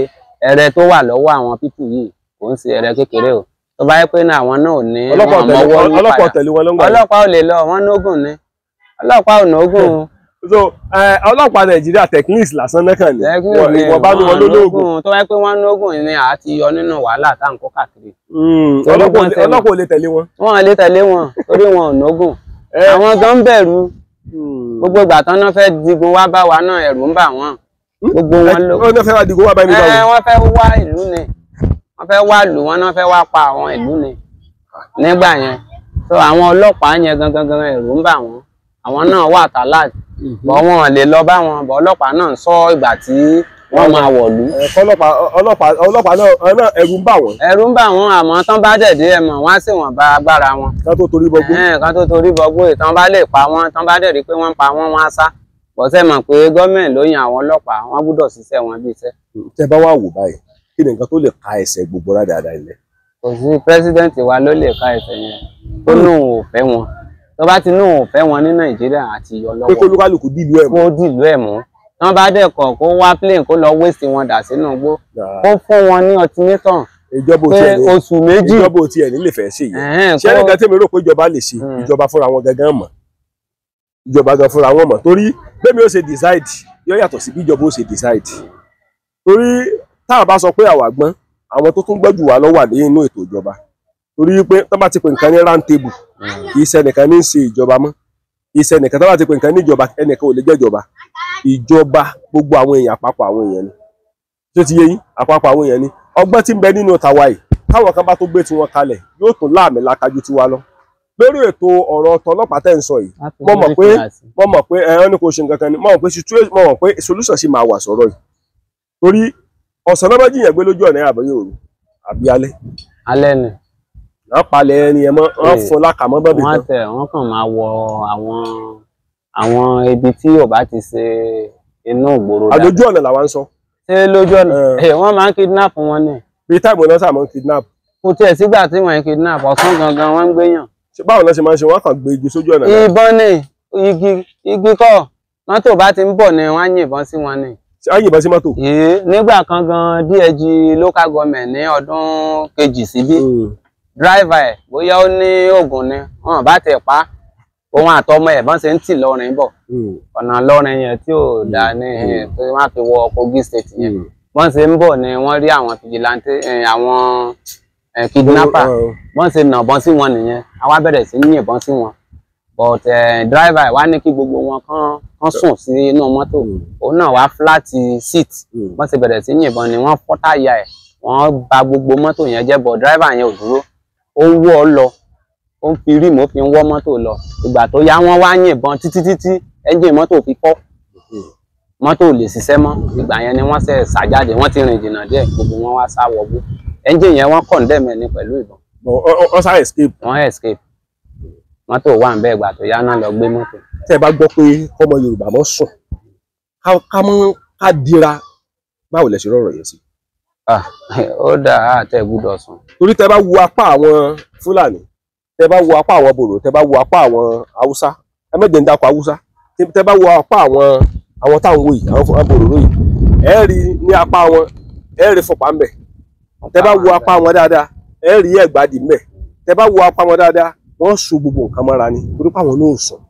ẹrẹ tó wà lọ́wọ́ àwọn pípù yìí kò ń ṣe ẹrẹ kékeré o tó bá yẹ pé náà àwọn náà ò ní ọmọ ọwọ́ ọlọ́pàá ò lè lọ wọn nógùn ni ọlọ́pàá ò nógùn o so ọlọ́pàá nàìjíríà techniques lásán náà kàn ní wọ́n bá ní wọn lólógùn. tó wáyé pé wọ́n lógùn ni a ti yọ nínú wàhálà tá à ń kó káàkiri. Hmm, ọlọ́pàá ò lè tẹ̀lé wọn. wọn ò lè tẹ̀lé wọn torí wọn ò nógùn. Eh. àwọn gan bẹ̀rù hmm. gbogbo ìgbà tán náà fẹ́ digun wá bá wa náà ẹ̀rù ń bà wọ́n. Hmm? gbogbo eh, wọn ló. wọ́n fẹ́ wá digun wá bá mi báwo. Eh, wọ́n fẹ́ wá ìlú ni wọ́n fẹ́ wá lù wọ́n náà fẹ́ wá pa àwọn ìlú ni nígbà yẹn so àwọn ọlọ́pàá yẹn gangan gangan ẹ̀rù ń bà wọ́n àwọn náà wà tàlà mhm. bọ́ wọn lè lọ bá wọn bọ́ ọlọ́pàá náà ń sọ ìgbà tí wọ́n máa wọ̀lú. Eh, ọlọ́pàá ọlọ́pàá ọlọ́pàá náà ẹ̀rù ń bà wọ́n. ẹ̀rù ń bà wọ́n àmọ́ tán bá dẹ̀dẹ̀ ẹ̀ mọ̀ wọ́n á sì wọ̀n ba agbára wọn. kán tó torí bọgbó. Eh, kán tó torí bọgbó ìtàn bá lè pa wọ́n tán bá dẹ̀ rí pé wọ́n ń pa wọ́n wọ́n á sá bọ́sẹ̀ mọ̀ pé gọ́ọ̀mẹ̀ntì ló yan àwọn ọlọ́pàá wọ́n gbọ́dọ̀ ṣiṣẹ́ wọn bí iṣẹ́. Hmm, tẹ bá wà wò báyìí kí ni nǹkan tó lè ka ẹsẹ̀ gbogbo rádàrá ilẹ̀ tó bá ti lóun ò fẹ́ wọn ní nàìjíríà àti ọlọ́wọ́ pé kó lúkálùkù dìlú ẹ̀ mọ́ kó dìlú ẹ̀ mọ́ tí wọ́n bá dẹ̀kọ̀ kó wá plane kó lọ wéṣì wọn dà sínú igbó kó fún wọn ní ọtínétàn ìjọba òtí ẹ̀ oṣù méjì ìjọba òtí ẹ̀ nílé fẹ́ ṣe yìí ṣé ẹnì kan tèmi rò pé ìjọba lè ṣe hmm. ìjọba fúnra wọn gangan mọ̀ ìjọba gan fúnra wọn mọ̀ torí bẹ́ẹ̀mi ó ṣe decide yóò yàtọ̀ sí bí ìjọba ó ṣe decide torí tá a bá sọ pé àwa gbọ́n àwọn tó tún gbọ́jù wá lọ́wọ́ àlẹ́ inú ètò ìjọba torí pé tó bá ti pè nǹkan ní round table iṣẹ́ nìkan ní í ṣe ìjọba mọ́ iṣẹ́ nìkan tó bá ti pè nǹkan ní ìjọba ẹnìkan ò lè jẹ́ ìjọba ìjọba gbogbo àwọn èèyàn àpapọ̀ àwọn èèyàn ni tó ti yé yín àpapọ̀ àwọn èèyàn ni ọgbọ́n tí ń bẹ nínú tàwa yìí táwọn kan bá tó gbé tiwọn kalẹ̀ yóò tún láàmì lákajú tiwa lọ lórí ètò ọ̀rọ̀ tọlọ́pàá tẹ̀ ń sọ yìí mo mọ̀ pé mo mọ̀ pé ẹ̀ ọ́n kò ṣe nǹkan kan ni mo mọ̀ pé mo mọ̀ pé solution sì máa wà sọ̀rọ̀ yìí torí ọ̀sán náà bá gbé lójú ọ̀nà àbẹ̀yẹ̀ òru àbí alẹ́. alẹ́ ni wọ́n palẹ̀ ẹni ẹ̀ mọ́ wọ́n fún lákàmọ́ bọ́bì kan. wọ́n tẹ̀ wọ́n kàn máa wọ àwọn àwọn ibi tí ò bá ti ṣe inú ìgboro dáadáa. àlójú ọ̀nà làwọn ń sọ. ṣé lójú ọ̀nà eh. Eh, wọ́n máa ń kidnap wọn ni. bí táìmù náà sàmọ́ kidnap. kò tiẹ̀ sígbà tí wọ́n ń kidnap ọ̀sán gangan wọ́n ń gbéyàn. báwo ló ṣe máa ń ṣe wọ́n kàn gbé igi sójú ọ̀nà. ìbọn ni igi igi kọ́ mọ́tò bá ti ń bọ̀ ni wọ́n á yìnbọn sí wọn ni ayìnbọn sí mọ́tò. nígbà kan gan DSG local government ní ọdún kejì síbí hmm dráìvà ẹ̀ bóyá ó ní oògùn ni wọn bá tẹ̀ pa òun àtọmọ ẹ̀ bọ́n ṣe ń tì lọ́rin bọ̀ hmm. ọ̀nà lọ́rin yẹn tí ò dá ní hmm. eh, tó má fi wọ Kogi state yẹn hmm. bọ́n ṣe ń bọ̀ ni wọ́n rí àwọn fìjìláńtì eh, àwọn eh, kidnapper bọ́n ṣe nà bọ́n sí wọn nìyẹn àwa bẹ̀rẹ̀ sí ní ìbọn sí wọn but dráìvà ẹ̀ wá ní kí gbogbo wọn kán kán sùn sí inú mọ́tò òun náà wá fúláàtì seat bọ́n ṣe bẹ̀rẹ̀ sí ní ìbọn ni wọ́n fọ́ táyà ẹ̀ wọ́n bà gbogbo mọ́tò yẹn jẹ́ bọ̀ dráìvà yẹn ò dúró ó wọ́ ọ lọ ó ń fi ríìmù ó fi ń wọ́ mọ́tò lọ ìgbà tó yá wọ́n wá yìnbọn títí títí ẹ́ńjìn mọ́tò fi fọ́ mọ́tò ò lè ṣiṣẹ́ mọ́ ìgbà yẹn ni wọ́n ṣe ṣàjáde wọ́n ti rìn jìnnà díẹ̀ gbogbo wọn wá sá wọgbó ẹ́ńjìn yẹn wọ́n kọ̀ǹdẹ̀mẹ̀ ni pẹ̀lú ìbọn. wọ́n sá escape. wọ́n escape mọ́tò wà ń bẹ́ẹ̀ ìgbà tó yá náà lọ gbé mọ́tò. tẹ́ ẹ bá gbọ́ pé kọ́mọ Yorùbá mọ́ sùn ká mọ́ ká dira báwo lẹ ṣe rọrọ yẹn sí i. Ah, ó dà á tẹ gbúdọ̀ sùn. torí tẹ bá wo apá àwọn fúlàní tẹ bá wo apá àwọn bòrò tẹ bá wo apá àwọn haúsá ẹ mẹjẹ ń dakọ haúsá tẹ bá wo apá àwọn àwọn táwọn wò yìí àwọn bòrò yìí ẹ rí ní apá wọn ẹ rí fọpá ń bẹ tẹ bá wo apá wọn dáadáa ẹ rí ẹgbàdì ń bẹ tẹ bá wo apá wọn dáadáa wọn so gbogbo nǹkan mọ́ra ni torí pé àwọn náà sùn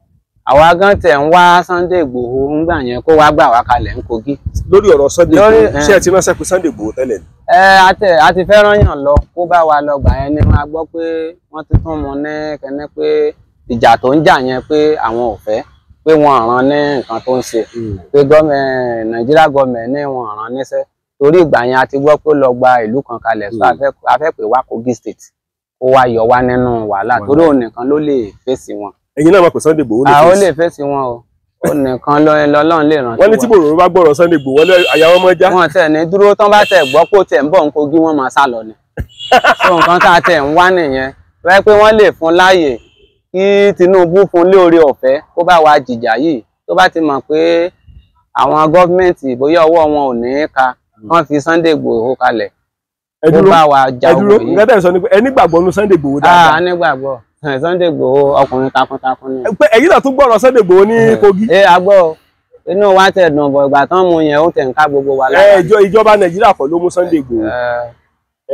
àwa gan tẹ̀ ń wá Sunday Igboho ńgbà yẹn kó wá gbà wá kalẹ̀ ń Kogi. lórí ọ̀rọ̀ Sunday Igboho ṣé ẹ eh, ti ránṣẹ́ pé Sunday Igboho tẹ́lẹ̀ ni. ẹ àtẹ àti fẹ́ràn yàn lọ kó bá wa lọ gbà yẹn ni wọn gbọ́ pé wọ́n ti tún mu ní kẹ́ni pé ìjà tó ń jà yẹn pé àwọn ò fẹ́ pé wọn ràn ní nǹkan tó ń ṣe hmm. pé Nàìjíríà gọọmẹ̀ ní wọn ràn níṣẹ́ torí ìgbà yẹn a ti gbọ́ pé lọ gba ìlú kan kalẹ̀ so a hmm. fẹ́ pè Kogi State kó wá yọ wa nínú wàhálà torí òun nìkan ló lè fèsì wọn ẹ̀yin náà mọ̀ pé Sunday Igboho lè fèsì. àwọn lè fèsì wọn o onìkan lọ́lọ́run lè rántí wọn. wọ́n ní tí bòròrò bá gbọ́rọ̀ Sunday Igboho wọlé àyà wọn mọ́ já. wọn tẹ ní dúró tán bá tẹ gbọ́ pò tẹ ń bọ̀ ń kogi wọn máa sá lọ ni. so nǹkan tá a tẹ ń wá nìyẹn wáyé pé wọ́n lè fún láàyè kí Tinubu fún lé orí ọ̀fẹ́ kó bá wa jìjà yìí tó bá ti mọ̀ pé àwọn gọ́ọ̀mẹ̀ntì bóyá ọwọ́ wọn ò ní ka wọ́n fi Sunday Igboho kalẹ̀ kó bá wa jà òwò yìí. ẹ dúró nǹkan tẹ̀ sọ ni pé ẹ nígbàgbọ́ nu Sunday Igboho dáadáa. Ah, a nígbàgbọ́. Sunday Igboho ọkùnrin takuntakun ni. pé èyí náà tún gbọ́rọ̀ Sunday Igboho ní Kogi. ẹ agbọ́ inú wa tẹ̀ dùn bọ̀ ìgbà tán mu yẹn ó tẹ̀ ń ká gbogbo wa lára. ẹ ìjọba Nàìjíríà kọ́ ló mú Sunday Igboho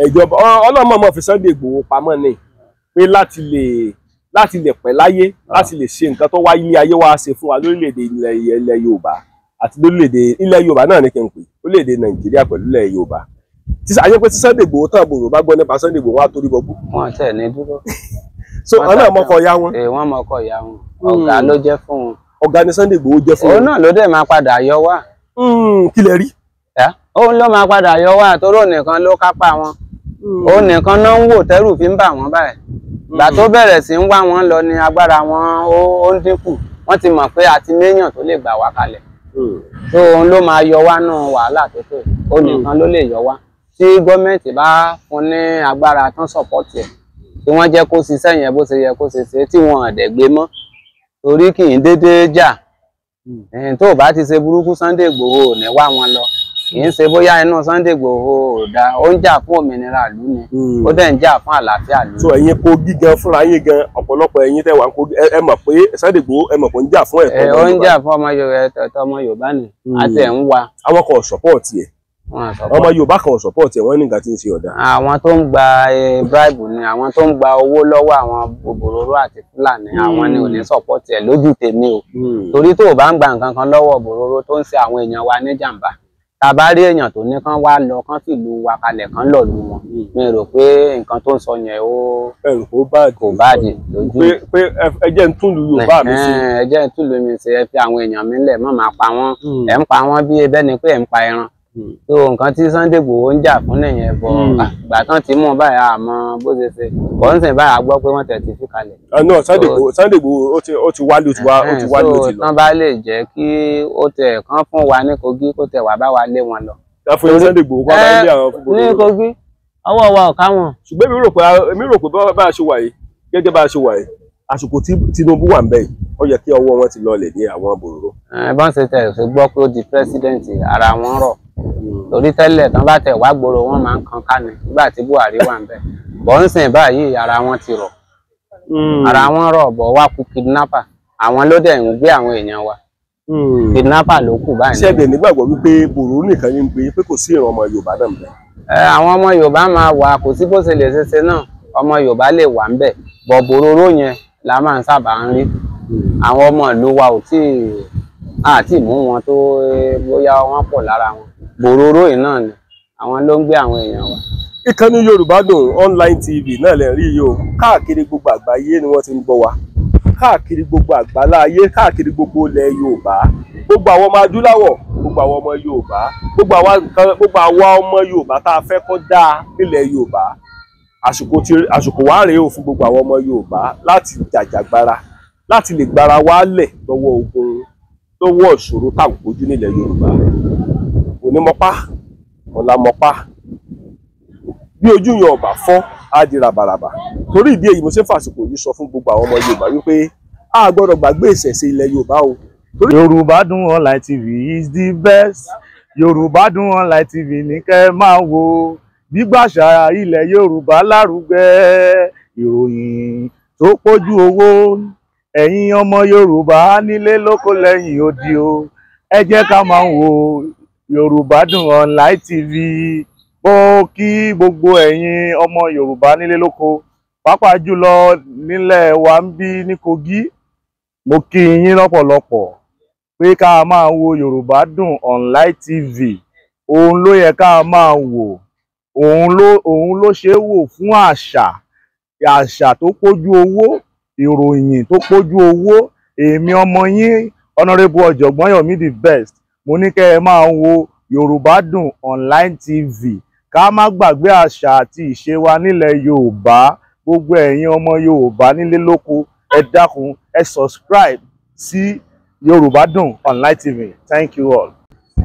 ìjọba ọlọ́mọ ọmọ fi Sunday Igboho pamọ́ ni pé láti lè láti lè pẹ́ láyé láti lè ṣe nǹkan tó wá ilé ayé wa ṣe fún wa lórílẹ̀‐èdè ilẹ̀ Yorùbá àti lórílẹ̀‐èdè ilẹ̀ Yorùbá náà ní kí n pè lórílẹ̀‐èdè Nàìjíríà pẹ̀lú ilẹ̀ Yorùbá tí sàyẹ́ pé tí Sunday Igboho tán àbòrò bá gbọ́ nípa Sunday Igboho wọn á torí bọ́ bú. wọn tẹ̀ ní dúró. so àwọn náà mọkọ ya wọn. ẹ wọn mọkọ hmm. ya wọn ọgá ló jẹ fún wọn. ọgá ni Sunday Igboho jẹ fún wọn. òun náà ló dẹ̀ máa padà yọ wá. Hmm, kí lẹ rí. òun ló máa padà yọ wá torí òun nìkan ló kápá wọn hmm. òun nìkan náà ń wò tẹ́rù fi ń bà wọ́n báyìí gbà tó bẹ̀rẹ̀ sí ń wá wọn lọ ni agbára wọn ó ń dínkù wọ́n ti mọ̀ pé a ti méyàn tó lè gbà wá kalẹ̀ so òun ló máa yọ wá náà wàhálà tó tó òun nìkan ló lè yọ wá tí gọ́ọ̀mẹ̀ntì bá fún ní agbára tán sọ̀pọ̀tì ẹ̀ tí wọ́n jẹ́ kó ṣiṣẹ́ yẹn bó ṣe yẹ kó ṣe ṣe tí wọ́n àdẹ̀gbé mọ́ torí kì í dédé jà tó o bá ti ṣe burúkú Sunday Igboho ò ní wá wọn lọ kì í ṣe bóyá inú Sunday Igboho ò dá ó ń jà fún òmìnira ìlú ni hmm. ó dẹ̀ ń jà fún àlàáfíà ìlú. so ẹ̀yin Kogi gan fúnra yín gan ọ̀pọ̀lọpọ̀ ẹ̀yin tẹ́ wà ń Kogi ẹ mọ̀ pé Sunday Igboho ẹ mọ̀ pé ó ń jà fún ẹ̀tọ́ ọmọ ó ń jà fún ọmọ Yorùbá ni àti hmm. ẹ̀ ń wa. àwọn kan ò ọmọ yorùbá kan support ẹ wọn ní nǹkan tí ń ṣe ọdá. àwọn tó ń gba eh, bribe ni àwọn tó ń gba owó lọ́wọ́ àwọn bòbòròró àti fúlàní àwọn ni ò ní hmm. support ẹ lójú tèmi o hmm. torí tó o bá ń gba nǹkan kan lọ́wọ́ bòròró tó ń ṣe àwọn èèyàn wa ní jàǹbá tá a bá rí èèyàn tó ní kán wá lọ kán fìlú wa kalẹ̀ kán lọ lu wọn hmm. mi rò pé nǹkan tó ń sọ yẹn ó kò báàdì lójú pé ẹ jẹ́ ń tún yorùbá mi sí ẹ ń tún mi sí ẹ fi àwọn èèyàn mi lẹ̀ mọ́ máa pa wọ́n ẹ̀ ń pa wọ́n bí ebẹ́ni pé ẹ̀ ń pa ẹran Hmm. so nǹkan tí Sunday Igboho ń jà fún nìyẹn bọ hmm. ìgbà tán ti mú báyà àmọ́ bó ṣe ṣe kò ń sìn báyà gbọ́ pé wọ́n tẹ̀ ti fi kalẹ̀. Ah, náà Sunday Igboho Sunday Igboho ó ti wálé ó ti wá ó ti eh, wálé ó ti lọ. tán bá lè jẹ́ kí ó tẹ̀ kán fún wa ní Kogi kó tẹ̀ wá bá wa lé wọn lọ. láfún yín Sunday Igboho kó wá eh, lé àwọn fúnpọ̀ ní Kogi ọwọ́ wa ò ká wọn. ṣùgbọ́n èmi rò pé bá a ṣe wà yìí gẹ́gẹ́ bá a ṣe wà yìí àsìkò tí Tinubu wà ń bẹ yìí ó yẹ kí ọwọ́ wọn ti lọlẹ̀ ní àwọn bòròrò. ẹ bá ń ṣe tẹ̀ ṣùgbọ́n pé ó di pírẹsidẹ́ǹtì ara wọn rọ̀ torí tẹ́lẹ̀ tán bá tẹ̀ wá gbòòrò wọn máa ń kan kánì nígbà tí Buhari wà ń bẹ̀ bọ́ ń sìn báyìí ara wọn ti rọ̀ hmm. ara wọn rọ̀ bọ̀ wá kú kidnapper àwọn ló dẹ̀ ń gbé àwọn èèyàn wa hmm. kidnapper ló kù báyìí. ṣẹ́ẹ̀dẹ̀ nígbàgbọ́ wípé bòrò nìkan ni pé pé kò sí ìran ọmọ Yorùbá náà bẹ̀. àwọn ọmọ Yorùbá máa wà kò sí bó ṣe lè ṣe ṣe náà ọmọ Yorùbá lè wà ń bẹ̀ bọ̀ bòróró yẹn la máa ń sábà ń rí hmm. àwọn ọmọ ìlú wa ò tí àti mú wọn tó eh, bóyá wọn pọ̀ lára wọn bòróró yìí náà ni àwọn ló ń gbé àwọn èèyàn wa. ìkànnì yorùbá dùn online tv náà lè rí yìí o káàkiri gbogbo àgbáyé ni wọ́n ti ń gbọ́ wa káàkiri gbogbo àgbáláyé káàkiri gbogbo ilẹ̀ yorùbá gbogbo àwọn ọmọ adúláwọ̀ gbogbo àwọn ọmọ yorùbá gbogbo àwa nǹkan gbogbo àwa ọmọ yorùbá tá a fẹ́ kọ́ dáa nílẹ̀ yorùbá àsìkò tí àsìkò wá rèé o fún gbogbo àwọn ọmọ yorùbá láti jàjàgbara láti lè gbara wálẹ̀ lọ́wọ́ ogun lọ́wọ́ ìṣòro táwọn kojú nílẹ̀ yorùbá òní mọpá ọ̀la mọpá bí ojú yan ọba fọ́ á di ràbàràbà torí ìdí èyí mo ṣe fàsìkò yìí sọ fún gbogbo àwọn ọmọ yorùbá wípé a gbọ́dọ̀ gbàgbé ìṣẹ̀ṣe ilẹ̀ yorùbá o. yorùbá dùn online tv is the best yorùbá dùn online tv ní kẹ́ máa wo gbígbàṣà ilẹ̀ yorùbá lárugẹ ìròyìn tó pójú owó ẹ̀yin ọmọ yorùbá nílé lóko lẹ́yìn odi o ẹ jẹ́ ká máa wo yorùbá dùn online tv ó kí gbogbo ẹ̀yin ọmọ yorùbá nílé lóko pàápàá jùlọ nílẹ̀ wa ń bí ní kogi mo kí yín lọ́pọ̀lọpọ̀ pé ká máa wo yorùbá dùn online tv òun ló yẹ ká máa wò òun ló òun ló ṣe é wò fún àṣà àṣà tó pójú owó ìròyìn tó pójú owó èmi ọmọ yín honourable ọ̀jọ̀gbọ́n yomi the best mo ní kẹ́ ẹ máa wo Yorùbá Dùn Online TV ká má gbàgbé àṣà àti ìṣe wa nílẹ̀ Yorùbá gbogbo ẹ̀yin ọmọ Yorùbá nílé lóko ẹ dákun ẹ subscribe sí Yorùbá Dùn Online TV thank you all.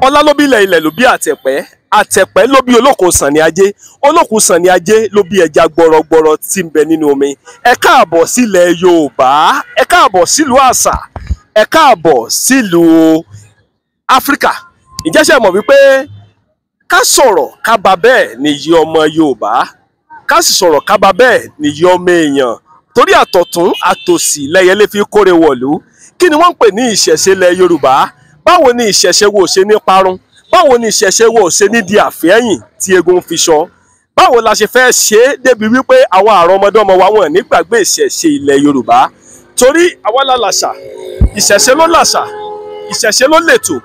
ọlá ló bí ilẹ̀ ilẹ̀ ló bí àtẹ̀pẹ́ àtẹ̀pẹ́ ló bí olóko sànni ajé olóko sànni ajé ló bí ẹja gbọrọgbọrọ tí ń bẹ nínú omi ẹ káàbọ̀ sílẹ̀ Yorùbá ẹ káàbọ̀ sílùú àṣà ẹ káàbọ̀ sílùú Africa, ìjẹ́sẹ̀ mọ̀ wípé ká sọ̀rọ̀ ká bá bẹ́ẹ̀ nìyí ọmọ yorùbá ká sì sọ̀rọ̀ ká bá bẹ́ẹ̀ nìyí ọmọ èèyàn torí àtọ̀tún àtòsì lẹ́yẹlé fi kórè wọ̀lú kí ni wọ́n ń pè ní ìṣẹ̀ṣe ilẹ̀ yorùbá báwo ni ìṣẹ̀ṣe wo ṣe ní parun báwo ni ìṣẹ̀ṣe wo ṣe ní di àfẹ́yìn tí egun fi sọ báwo la ṣe fẹ́ ṣe é débi wípé àwọn àrùn ọmọdọ́mọ wa wọn nígbàgbé ìṣẹ̀ṣe ilẹ̀ yorùbá torí àwa la làṣà ló làṣà ìṣẹ̀ṣe ló lètò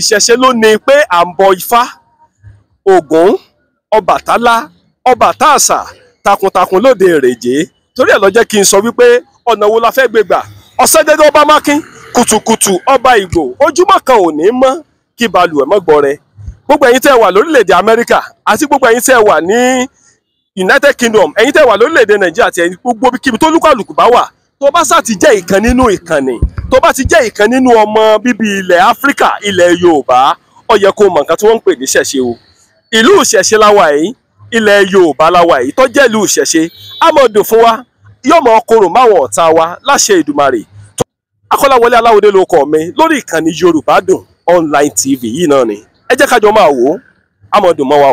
ìṣẹ̀ṣe ló ní pé à ń bọ ifá ògún ọbàtálá ọba táàsà takuntakun lóde èrèjé torí ẹ̀ ló jẹ́ kí n sọ wípé ọ̀nà wo la fẹ́ gbé gbà ọ̀sẹ̀ dédé ọba mákín kùtùkùtù ọba ìgbò ojúmọ́ kan ò ní mọ́ kí balùwẹ̀ mọ́ gbọ́ rẹ gbogbo ẹ̀yin tẹ́ wà lórílẹ̀‐èdè amẹ́ríkà àti gbogbo ẹ̀yin tẹ́ wà ní united kingdom ẹ̀yin tẹ́ wà lórílẹ̀‐èdè nàìjíríà àti ẹ̀yin gbogbo kíbi tó lúkàlùkù bá wà tó bá sà ti jẹ́ ìkan nínú ìkànnì tó bá ti jẹ́ ìkan nínú ọmọ bíbí ilẹ̀ áfíríkà ilẹ̀ yorùbá ó yẹ kó mọ̀ nǹkan tí wọ́n ń pè ní ṣẹ̀ṣe o ìlú ìṣẹ̀ṣe láwa yìí ilẹ̀ yorùbá láwa yìí tó jẹ́ ìlú ìṣẹ̀ṣe á fún wa yóò mọ̀ máwọn ọ̀tá wa láṣẹ ìdùmarè akọ́láwọlé aláwọ̀dé ló kọ̀ mi lórí ìkànnì yorùbá dùn online tv yìí náà ni ẹ jẹ́ ká jọ máa wò ó á mọ́ wa o.